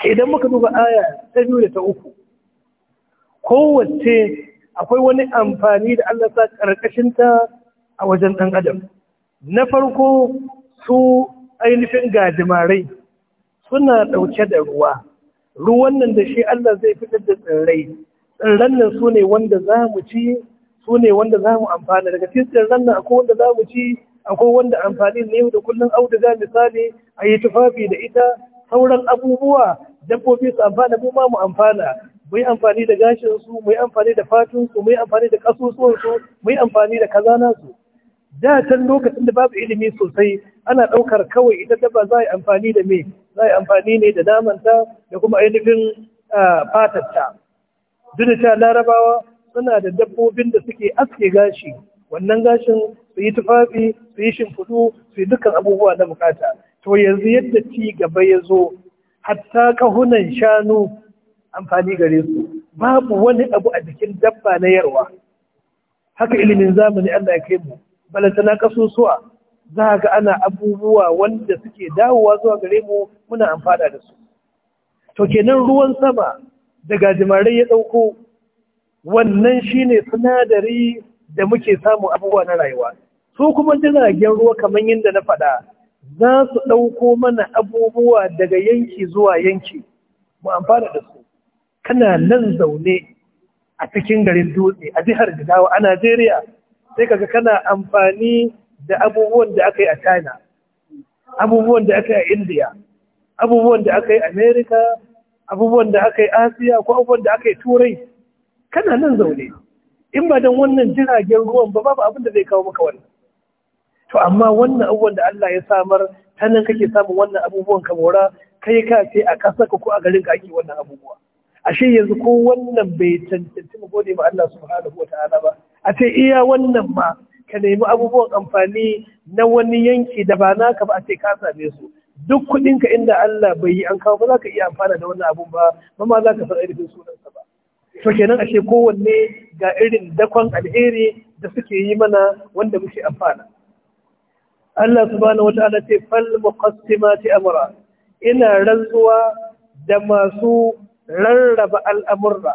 idan muka duba aya ta biyu da ta uku kowace akwai wani amfani da Allah sa karkashin ta a wajen ɗan adam na farko su ainihin gajimarai suna ɗauke da ruwa ruwan nan da shi Allah zai fitar da tsirrai tsirran nan su ne wanda za mu ci su ne wanda za mu amfana daga cikin tsirran nan akwai wanda za mu ci akwai wanda amfani ne da kullum auduga misali a yi tufafi da ita sauran abubuwa dabbobi su amfana mu ma mu amfana mu yi amfani da gashinsu mu yi amfani da su mu yi amfani da ƙasusuwansu mu yi amfani da kazana su da lokacin da babu ilimi sosai ana ɗaukar kawai ita dabba za a yi amfani da me za a yi amfani ne da namanta da kuma ainihin fatarta duk da larabawa suna da dabbobin da suke aske gashi wannan gashin su yi tufafi su yi shimfiɗu su yi dukkan abubuwa na bukata to yanzu yadda ci gaba ya zo hatta kahunan shanu amfani gare su babu wani abu a jikin dabba na yarwa haka ilimin zamani Allah ya kai mu balantana kasusuwa za ga ana abubuwa wanda suke dawowa zuwa gare mu muna amfana da su to kenan ruwan sama daga jimarai ya ɗauko wannan shine sinadari da muke samu abubuwa na rayuwa su kuma jiragen ruwa kamar yadda na faɗa za su ɗauko mana abubuwa daga yanki zuwa yanki mu amfana da su kana nan zaune a cikin garin dutse a jihar gidawa a Najeriya sai ka kana amfani da abubuwan da aka yi a China abubuwan da aka yi a India abubuwan da aka yi America abubuwan da aka yi Asiya ko abubuwan da aka yi Turai kana nan zaune in ba don wannan jiragen ruwan ba babu abin da zai kawo maka wannan to amma wannan abubuwan da Allah ya samar ta nan kake samun wannan abubuwan kamora kai ka ce a ƙasa ko a garin ka ake wannan abubuwa ashe yanzu ko wannan bai cancanci mu gode ma Allah subhanahu wa ta'ala ba a ce iya wannan ma ka nemi abubuwan amfani na wani yanki da ba naka ba a ce ka same su duk kuɗin ka inda Allah bai yi an kawo ba za ka iya amfana da wannan abun ba ba ma za ka san ainihin sunansa ba to kenan ashe kowanne ga irin dakon alheri da suke yi mana wanda muke amfana Allah subhanahu wata'ala ce fal muqassimati amra ina rantsuwa da masu rarraba al'amurra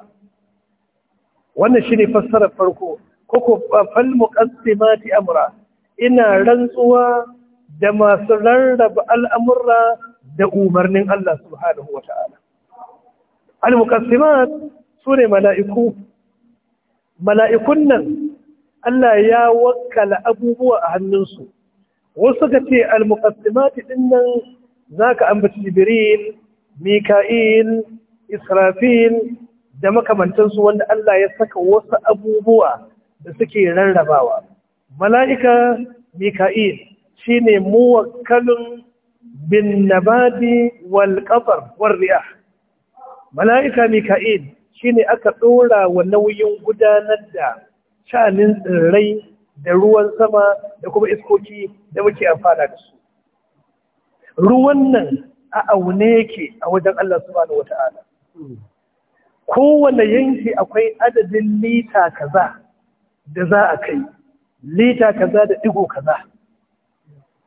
wannan shi ne fassarar farko kuku fal muqassimati amra ina rantsuwa da masu rarraba al'amurra da umarnin Allah subhanahu wa ta'ala. al su ne mala'iku, mala'ikun nan Allah ya wakala abubuwa a hannunsu, wasu ka ce al-Muqassimati ɗin nan za ka ambaci Jibril, Mika'il, israfil da makamantansu wanda Allah ya saka wasu abubuwa da suke rarrabawa mala'ika mika'il shine muwakkalin bin nabadi wal ƙafar warriya. mala'ika mika'il shine aka ɗora wa nauyin gudanar da shanin tsirrai da ruwan sama da kuma iskoki da muke amfana da su ruwan nan a aune yake a wajen Allah subhanahu ta’ala. kowane yanki akwai adadin lita kaza da za a kai lita kaza da digo kaza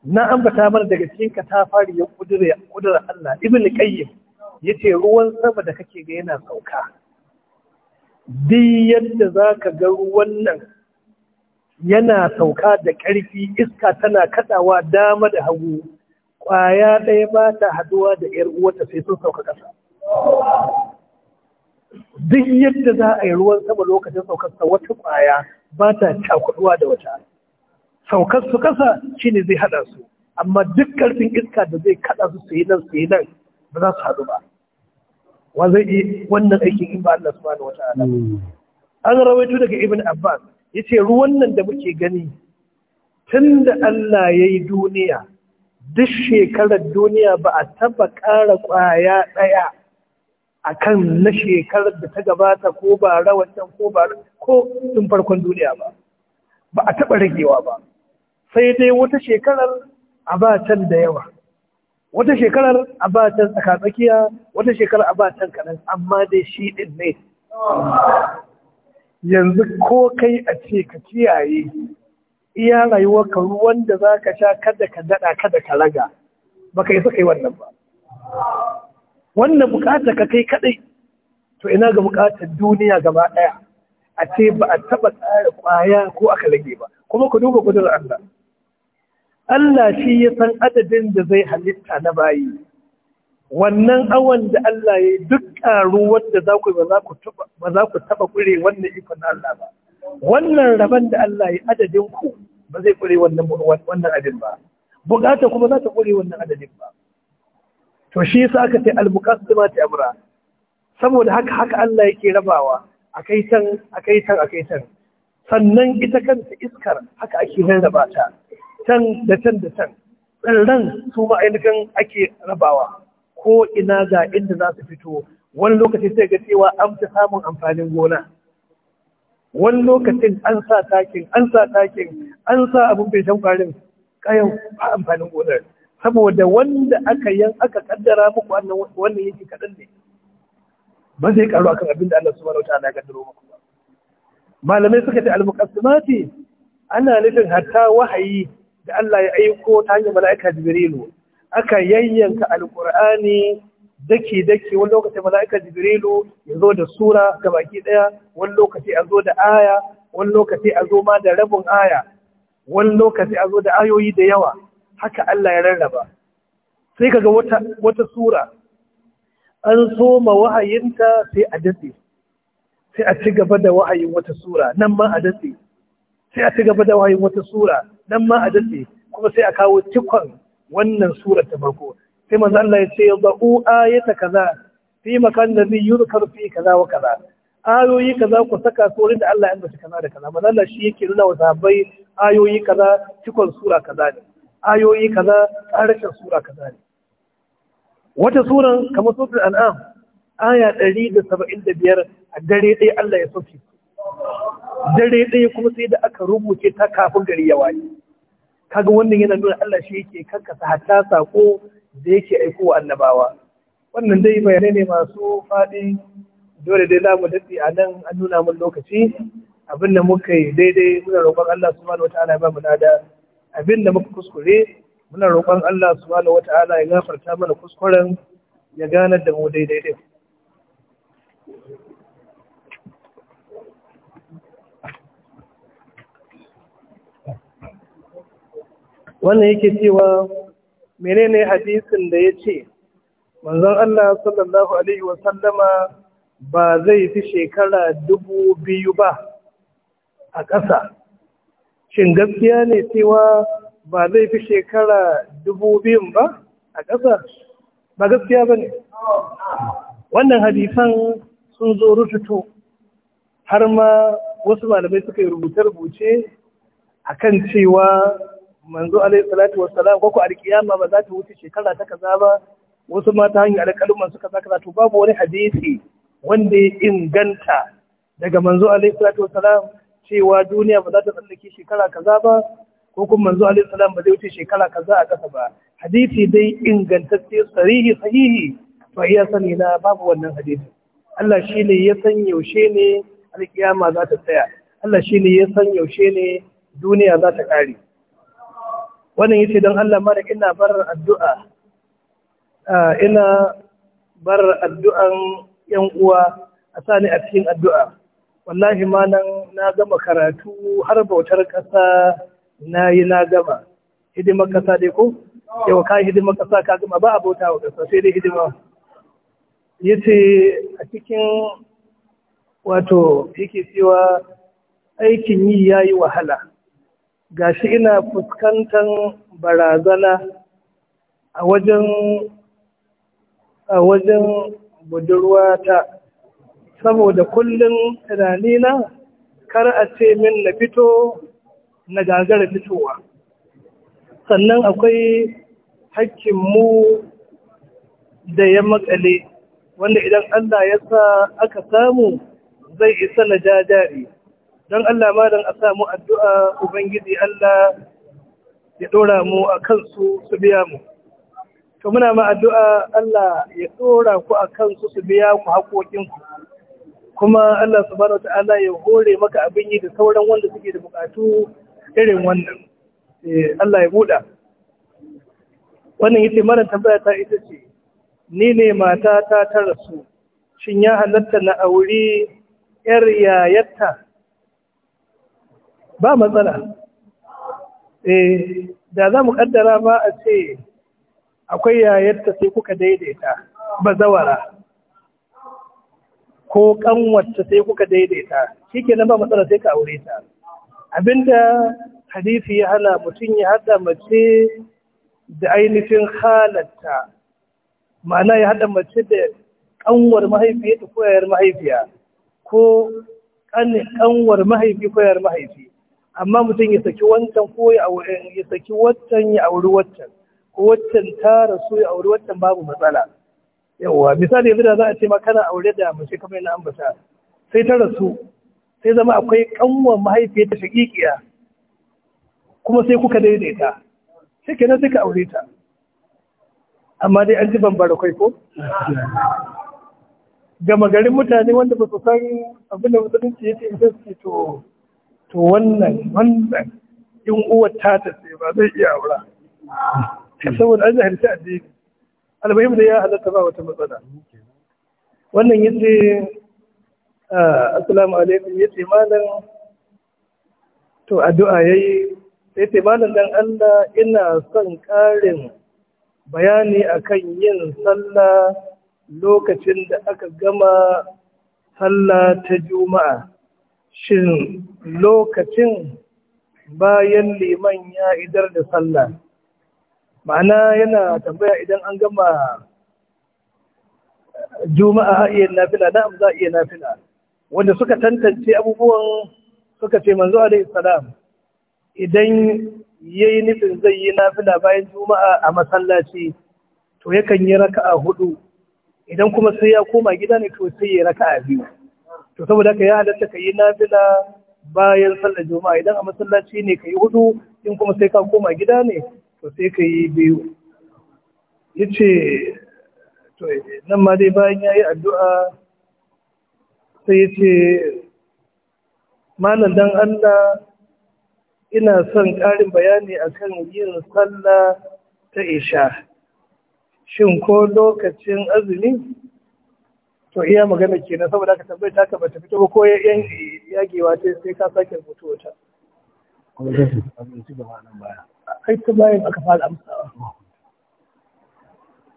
na ambata mana daga cikin katafari ya kudura Allah ibn qayyim yace ruwan sama da kake ga yana sauka duk yadda zaka ga ruwan nan yana sauka da ƙarfi iska tana kadawa dama da hagu kwaya ɗaya ba ta haduwa da 'yar uwarta sai sun sauka ƙasa duk yadda za a yi ruwan sama lokacin saukarsa wata kwaya ba ta cakuduwa da wata saukar su kasa ne zai hada su amma duk karfin iska da zai kada su su yi nan su yi nan ba za su hadu ba wa zai yi wannan aikin in ba Allah wata wata'ala hmm. an rawaito daga ibn abbas ya ce ruwan nan da muke gani tun da Allah ya yi duniya duk shekarar duniya ba a taba ƙara ƙwaya ɗaya a kan na shekarar da ta gabata ko ba rawancan ko ba ko tun farkon duniya ba ba a taɓa ragewa ba sai dai wata shekarar a ba can da yawa wata shekarar a ba can tsakatsakiya wata shekarar a ba can kaɗan amma dai shi ɗin ne yanzu ko kai a ce ka kiyaye iya ka ruwan da za ka sha kada ka daɗa kada ka raga ba ka yi suka yi wannan ba wannan bukatar ka kai kadai to ina ga bukatar duniya gaba daya a ce ba a taba tsara kwaya ko aka lage ba kuma ku duba gudun Allah Allah shi ya san adadin da zai halitta na bayi wannan awon da Allah ya duk karu wanda za ku ba za ku taba kure wannan ikon Allah ba wannan rabon da Allah ya adadin ku ba zai kure wannan wannan adadin ba bukata kuma za ta kure wannan adadin ba to shi yasa aka ce al-muqaddimati amra saboda haka haka Allah yake rabawa akai can akai can akai can sannan ita kanta iskar haka ake rarraba ta can da can da can tsirran su ma ainihin ake rabawa ko ina ga inda za su fito wani lokaci sai ga cewa an fi samun amfanin gona wani lokacin an sa takin an sa takin an sa abin feshen kwarin kayan amfanin gonar saboda wanda aka yan aka kaddara muku wannan yake kaɗan ne ba zai karu akan abin da Allah subhanahu wataala ya kaddaro muku ba malamai suka ce al ana nufin hatta wahayi da Allah ya aiko ta hanyar mala'ika Jibrilu aka yayyanka alqur'ani daki daki wani lokaci mala'ika Jibrilu ya zo da sura ga baki daya wani lokaci a zo da aya wani lokaci a zo ma da rabin aya wani lokaci a zo da ayoyi da yawa haka Allah ya rarraba sai kaga wata wata sura an soma wahayinta sai a datse sai a ci gaba da wahayin wata sura nan ma a datse sai a ci gaba da wahayin wata sura nan ma a datse kuma sai a kawo cikon wannan surar ta farko sai manzo Allah ya ce yadau ayata kaza fi makan da zai yurkar fi kaza wa kaza ayoyi kaza ku saka su da Allah ya ambaci kaza da kaza manzo Allah shi yake nuna wa sahabbai ayoyi kaza cikon sura kaza ne ayoyi kaza ƙarashin sura kaza ne wata suran kamar suratul an'am aya 175 a dare ɗaya Allah ya sauke dare ɗaya kuma sai da aka rubuce ta kafin gari ya waye kaga wannan yana nuna Allah shi yake karkasa hatta sako da yake aiko wa annabawa wannan dai bayanai ne masu faɗi dole dai za mu daɗe a nan an nuna mun lokaci abin da muka yi daidai muna roƙon Allah subhanahu wataala ya ba mu nada Abin da muka kuskure muna roƙon Allah subhanahu wata'ala ya gafarta mana kuskuren ya gane da mu daidai din wannan yake cewa menene hadisin da ya ce manzon Allah sallallahu alaihi wasallama ba zai fi shekara dubu biyu ba a ƙasa shin gaskiya ne cewa ba zai fi shekara dubu biyun ba a ƙasa ba gaskiya ba ne wannan hadisan sun zo rututu har ma wasu malamai suka yi rubuce-rubuce a kan cewa manzo Salatu wassalam ko ku alkiyama ba za ta wuce shekara ta kaza ba wasu mata hanyar alƙaluman suka za kaza to babu wani hadisi wanda ya inganta daga manzo Salatu wassalam cewa duniya ba za ta tsallake shekara kaza ba ko kuma manzo alaihi salam ba zai wuce shekara kaza a ƙasa ba hadisi dai ingantacce sarihi sahihi fa iya sani na babu wannan hadisi Allah shi ne ya san yaushe ne alkiyama za ta tsaya Allah shi ne ya san yaushe ne duniya za ta ƙare wannan yace dan Allah mara ina bar addu'a ina bar addu'an yan uwa a sani a cikin addu'a wallahi malam na gama karatu har bautar ƙasa na yi na gama hidimar ƙasa dai ko yau ka hidimar ƙasa ka gama ba a bauta wa ƙasa sai dai hidima ya ce a cikin wato yake cewa aikin yi ya yi wahala gashi ina fuskantar barazana a wajen a wajen budurwata saboda kullum tunanina kar a ce min na fito na gagara fitowa sannan akwai hakkinmu da ya makale wanda idan Allah ya sa aka samu zai isa na jajari don Allah ma don a samu addu'a Ubangiji Allah ya ɗora mu a kansu su biya mu. To muna ma addu'a Allah ya ɗora ku a kansu su biya ku haƙoƙinku. kuma Allah subhanahu wata'ala ya hore maka abin yi da sauran wanda suke da bukatu irin wannan eh, Allah ya buɗa wannan yace mara tambaya ta ita ce ni ne mata ta ta rasu shin ya halatta na auri yar yayatta ba matsala eh da za mu kaddara ba a ce akwai yayatta sai kuka daidaita bazawara ko kanwacce sai kuka daidaita nan ba matsala sai ka aure ta abinda hadisi ya hana mutum ya hada mace da ainihin halatta ma'ana ya hada mace da kanwar mahaifi ya koyar mahaifiya ko kanwar mahaifi koyar mahaifi amma mutum ya saki wancan ko ya saki wancan ya auri wancan, ko wancan ta rasu ya auri wancan, babu matsala yawa misali yanzu da za a ce ma kana aure da mace kamar yana ambata sai ta rasu sai zama akwai kanwan mahaifiyar ta shaƙiƙiya kuma sai kuka daidaita sai kenan sai ka aure ta amma dai an ji bambara kai ko gama garin mutane wanda ba su san abin da musulunci ya ce in sai to to wannan wannan in uwar ta ta ce ba zai iya aura saboda an jahilci addini almuhim da ya halatta ba wata matsala wannan yace ah, assalamu alaikum yace malam to addu'a yayi yi Yace malam dan Allah ina son ƙarin bayani akan yin sallah lokacin da aka gama sallah ta juma'a shin lokacin bayan liman ya idar da sallah ma'ana yana tambaya idan an gama juma'a iya nafila da za a iya nafila wanda suka tantance abubuwan suka ce manzo alaihi salam idan yayi nufin zai yi nafila bayan juma'a a masallaci to yakan yi raka'a hudu idan kuma sai ya koma gida ne to sai raka raka'a biyu to saboda ka ya halatta ka yi nafila bayan sallar juma'a idan a masallaci ne ka yi hudu in kuma sai ka koma gida ne to sai ka yi biyu ya ce to nan ma dai bayan ya yi addu'a sai ya ce malam dan Allah ina son ƙarin bayani akan yin sallah ta isha shin ko lokacin azumi to iya magana kenan saboda ka tambaye ta ka bata fito ba ko yan yagewa sai ka sake rubuta wata ai ta bayan aka fara amsawa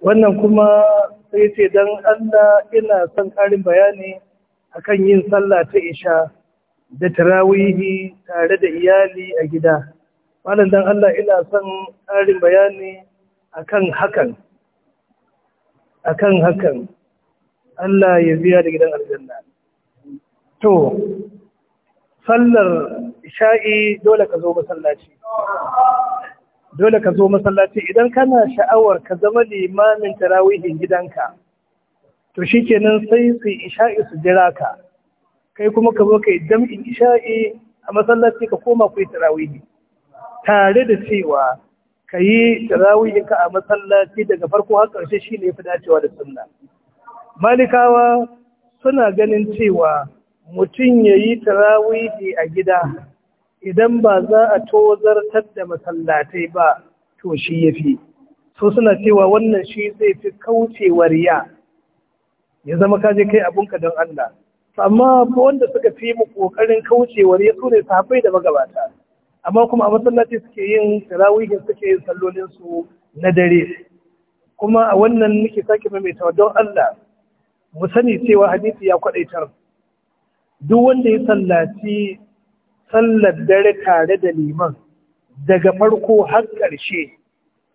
wannan kuma sai ce don Allah ina son karin bayani akan yin sallah ta isha da tarawihi tare da iyali a gida malam don Allah ina son ƙarin bayani akan hakan akan hakan Allah ya biya da gidan aljanna to sallar isha'i dole ka zo masallaci dole ka zo masallaci idan kana sha'awar ka zama limamin tarawihin gidanka to shikenan sai su isha'i su jira ka kai kuma ka zo kai jam'in isha'i a masallaci ka koma ku tarawihi tare da cewa ka yi tarawihin ka a masallaci daga farko har karshe shine yafi dacewa da sunna malikawa suna ganin cewa mutum yayi tarawihi a gida idan ba za a tozartar da masallatai ba to shi ya fi so suna cewa wannan shi zai fi kaucewar ya ya zama kaje kai abunka don Allah amma wanda suka fi mu kokarin kaucewar ya su ne sahabbai da magabata amma kuma a masallaci suke yin tarawihin suke yin sallolin su na dare kuma a wannan nake sake maimaitawa don Allah mu sani cewa hadisi ya kwadaitar duk wanda ya sallaci sallar dare tare da liman daga farko har ƙarshe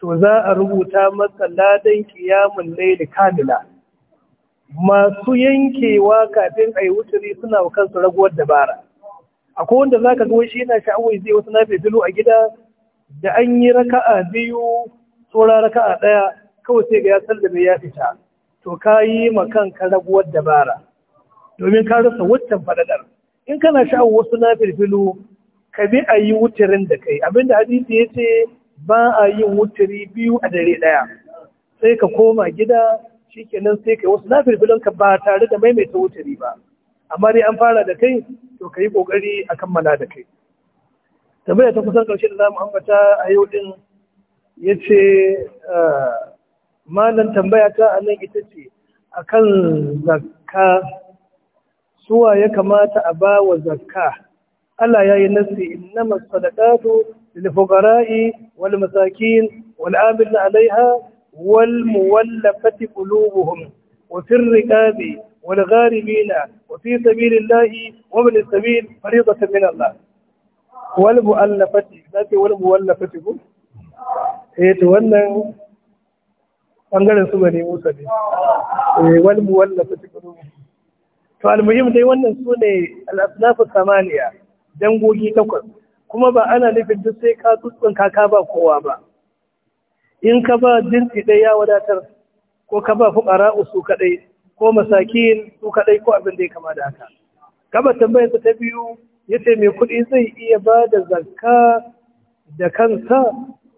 to za a rubuta masa ladan kiyamun laili kamila masu yankewa kafin a yi wuturi suna wa kansu raguwar dabara akwai wanda za ka ga shi yana sha'awar zai wasu na a gida da an yi raka'a biyu tsora raka'a ɗaya kawai sai ga ya sallame ya fita to ka yi ma kanka raguwar dabara domin ka rasa wuccan faɗaɗar in kana sha'awar wasu nafilfilu ka bi a yi wutirin da kai abinda hadisi ya ce ba a yi wutiri biyu a dare ɗaya sai ka koma gida shikenan sai ka yi wasu nafilfilun ka ba tare da maimaita wutiri ba amma dai an fara da kai to ka yi kokari a kammala da kai tambaya ta kusan karshe da za mu ambata a yau din ya ce ah, malam tambaya ta a nan ita ce akan zakka suwa ya kamata a ba wa zakka Allah ya yi nasi nassi innama sadaqatu da fuqara'i wal masakin wal amil 'alayha wal muwallafati qulubuhum wa fir riqabi wal gharimina wa fi sabilillahi wa bil sabil ta min Allah wal muallafati zati wal muwallafati ku? eh to wannan bangaren su bane musa ne eh wal muwallafati qulubuhum to almuhim dai wannan su ne al'asnafu samaniya dangogi takwas kuma ba ana nufin duk sai ka tsutsun kaka ba kowa ba in ka ba jinsi ɗaya ya wadatar ko ka ba fukara su kaɗai, ko masakin su kaɗai, ko abin da ya kama da haka gaba tambayar ta biyu yace mai kuɗi zai iya ba da zakka da kansa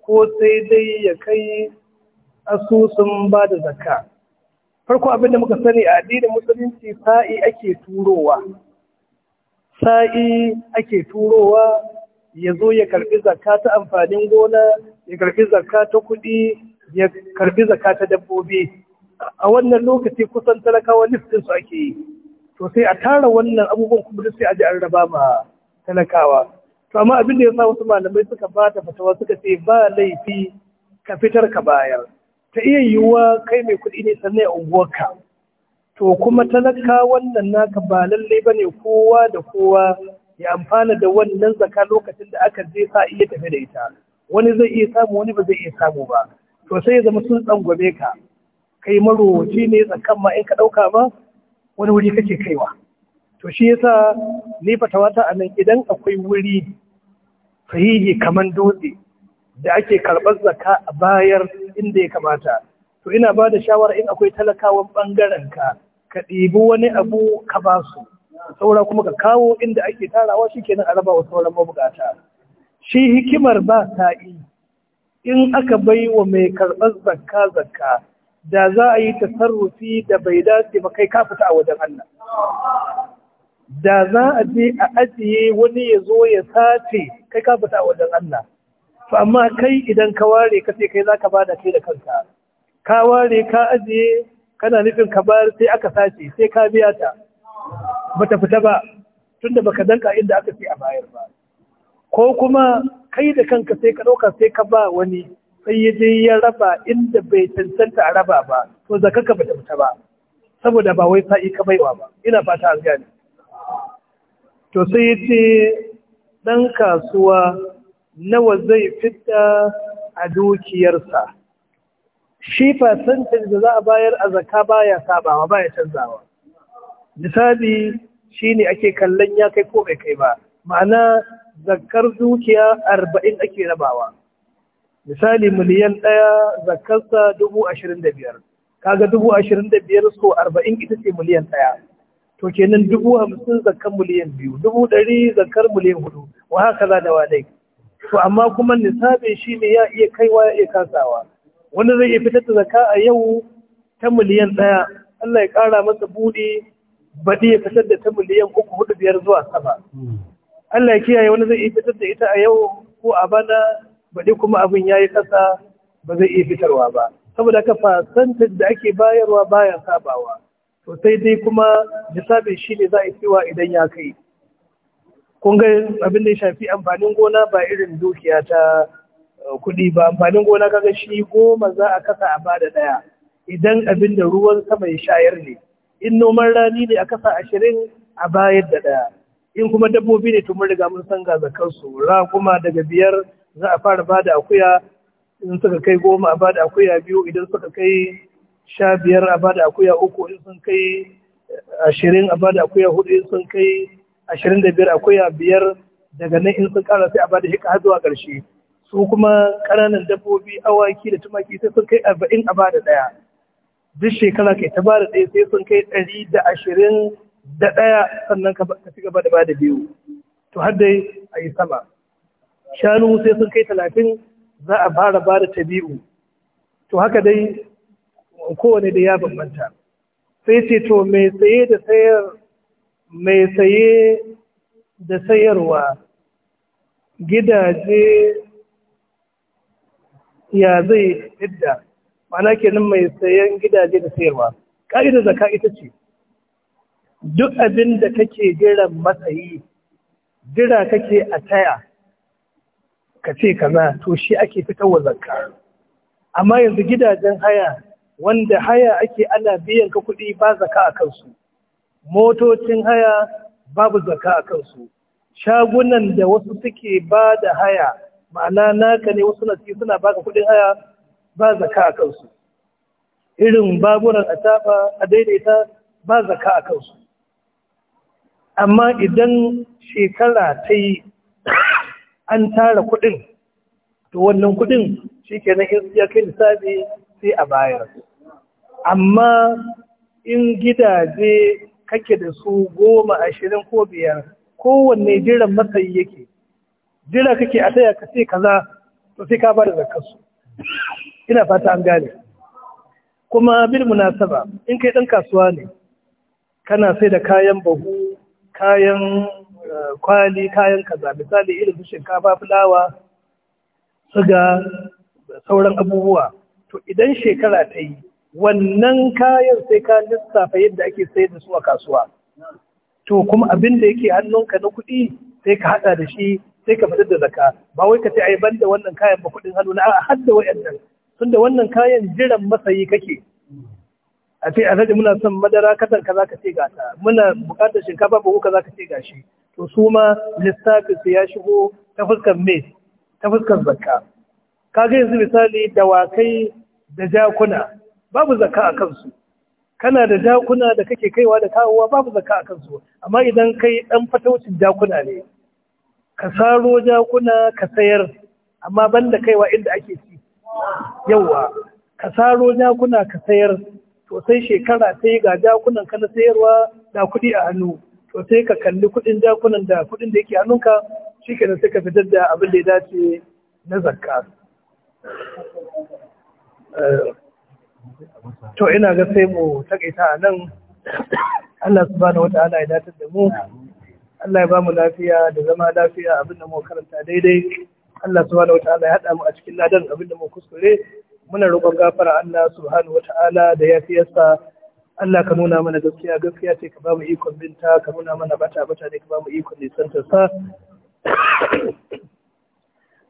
ko sai dai ya kai asusun ba da zakka farko abinda muka sani a addinin musulunci sa'i ake turowa sa'i ake turowa ya zo ya karbi zakka ta amfanin gona ya karbi zakka ta kuɗi ya karbi zakka ta dabbobi a wannan lokaci kusan talakawa listin su ake yi to sai a tara wannan abubuwan kuma sai a ji an raba ma talakawa to amma abin da ya sa wasu malamai suka ba ta fatawa suka ce ba laifi ka fitar ka bayar ta iya yiwuwa kai mai kuɗi ne sannan a unguwarka to kuma talaka wannan naka ba lallai ba ne kowa da kowa ya amfana da wannan zaka lokacin da aka je sa iya tafi da ita wani zai iya samu wani ba zai iya samu ba to sai ya zama sun tsangwame ka kai marowaci ne tsakan ma in ka ɗauka ba wani wuri kake kaiwa to shi yasa ni fatawata a anan idan akwai wuri sahihi kamar dutse da ake karɓar zaka a bayar inda ya kamata to ina ba da shawara in akwai talakawan ɓangaren ka ka ɗibi wani abu ka ba su saura kuma ka kawo inda ake tarawa shikenan a raba wa sauran mabukata shi hikimar ba ta yi in aka bai wa mai karɓar zakka zakka da za a yi tasarrufi da bai dace ba kai ka fita a wajen Allah da za a je a ajiye wani ya zo ya sace kai ka fita a wajen Allah to amma kai idan ka ware ka sai kai zaka bada kai da kanka ka ware ka ajiye kana nufin ka bayar sai aka sace sai ka biya ta ba ta fita ba tunda baka danka inda aka ce a bayar ba ko kuma kai da kanka sai ka ɗauka sai ka ba wani sai ya je ya raba inda bai cancanta a raba ba to zakarka bata fita ba saboda ba wai sa'i ka baiwa ba ina fata an gane to sai ya ce dan kasuwa nawa zai fita a dukiyarsa shi fasantin da za a bayar a zaka baya sabawa baya canzawa misali shi ne ake kallon ya kai ko bai kai ba ma'ana zakar dukiya arba'in ake rabawa misali miliyan ɗaya zakarsa dubu ashirin da biyar kaga dubu ashirin da biyar so arba'in ita ce miliyan ɗaya to kenan dubu hamsin zakar miliyan biyu dubu ɗari zakar miliyan hudu wa haka za da wadai to amma kuma nisabin shi ne ya iya kaiwa ya iya kasawa wani zai iya fitar da zaka a yau ta miliyan ɗaya Allah ya ƙara masa buɗe baɗi ya fitar da ta miliyan uku hudu biyar zuwa sama Allah ya kiyaye wani zai iya fitar da ita a yau ko a bana baɗi kuma abin ya yi ƙasa ba zai iya fitarwa ba saboda ka fasantar da ake bayarwa bayan sabawa to sai dai kuma nisabin shi ne za a yi cewa idan ya kai kun ga abin da ya shafi amfanin gona ba irin dukiya ta eh, kuɗi ba amfanin gona kaga shi goma za a kasa a bada ɗaya idan abin da ruwan sama ya shayar ne in noman rani ne a kasa ashirin a bayar da ɗaya in kuma dabbobi ne to mun riga mun san ga zakansu ra kuma daga biyar za a fara bada akuya in suka kai goma a bada akuya biyu idan suka kai sha biyar a bada akuya uku in sun kai eh, ashirin a bada akuya hudu in sun kai ashirin da biyar akwai a biyar daga nan in sun kara sai a bada hika zuwa ƙarshe su kuma ƙananan dabbobi awaki da tumaki sai sun kai arba'in a bada ɗaya duk shekara kai ta bada ɗaya sai sun kai ɗari da ashirin da ɗaya sannan ka ci gaba da bada biyu to har dai a yi sama shanu sai sun kai talatin za a fara bada ta biyu to haka dai kowane da ya bambanta sai ce to mai tsaye da sayar mai saye da sayarwa gidaje ya zai hidda, mana kenan mai sayan gidaje da sayarwa ƙa'idar zaka ita ce duk abin da kake jiran matsayi jira kake a taya ka ce kaza to shi ake fitarwa zakka amma yanzu gidajen haya wanda haya ake ana biyan ka kuɗi ba zaka a kansu motocin haya babu zaka a kansu shagunan da wasu suke ba da haya ma'ana naka ne wasu nasi suna baka kudin haya ba zaka a kansu irin baburan a taba a daidaita ba zaka a kansu amma idan shekara ta yi *coughs* an tara kudin to wannan kudin shi kenan in ya kai lissafi sai a bayar amma in gidaje kake da su goma ashirin ko biyar kowanne jiran matsayi yake jira kake a taya ka sai kaza to sai ka ba da zakarsu ina fata an gane kuma bil munasaba in kai dan kasuwa ne kana sai da kayan bahu kayan eh, kwali kayan kaza misali irin su shinkafa fulawa suga sauran abubuwa to idan shekara ta yi wannan kayan sai ka lissafa yadda ake sayar da su a kasuwa to kuma abin da yake hannunka na kuɗi sai ka haɗa da shi sai ka fitar da zaka ba wai ka ce ai ban da wannan kayan ba kuɗin hannu na har da wayannan tunda wannan kayan jiran masayi kake a ce a rage muna son madara katan kaza ka ce gata muna buƙatar shinkafa ba kaza ka ce gashi to su ma lissafin su ya shigo ta fuskar me ta fuskar zakka kaga yanzu misali dawakai da jakuna babu zakka a kansu kana da dakuna da kake kaiwa da kawowa babu zaka a kansu amma idan kai dan fataucin dakuna ne ka saro dakuna ka sayar amma banda kaiwa inda ake ci yawa ka saro dakuna ka sayar to sai shekara sai ga dakunan ka na sayarwa da kuɗi a hannu to sai ka kalli kuɗin dakunan da kuɗin da yake hannunka shikenan sai ka fitar da abin da ya dace na zakka eh, to ina ga sai mu takaita a nan Allah subhanahu wata ya datar da mu Allah ya ba mu lafiya da zama lafiya abinda mu karanta daidai Allah wata ana ya haɗa mu a cikin ladan abinda mu kuskure muna roƙon gafara Allah wata wata'ala da yasa Allah ka nuna mana gaskiya gaskiya ce ka ba mu ikon binta ka nuna mana bata bata ne ka ba mu ikon nisantarsa sa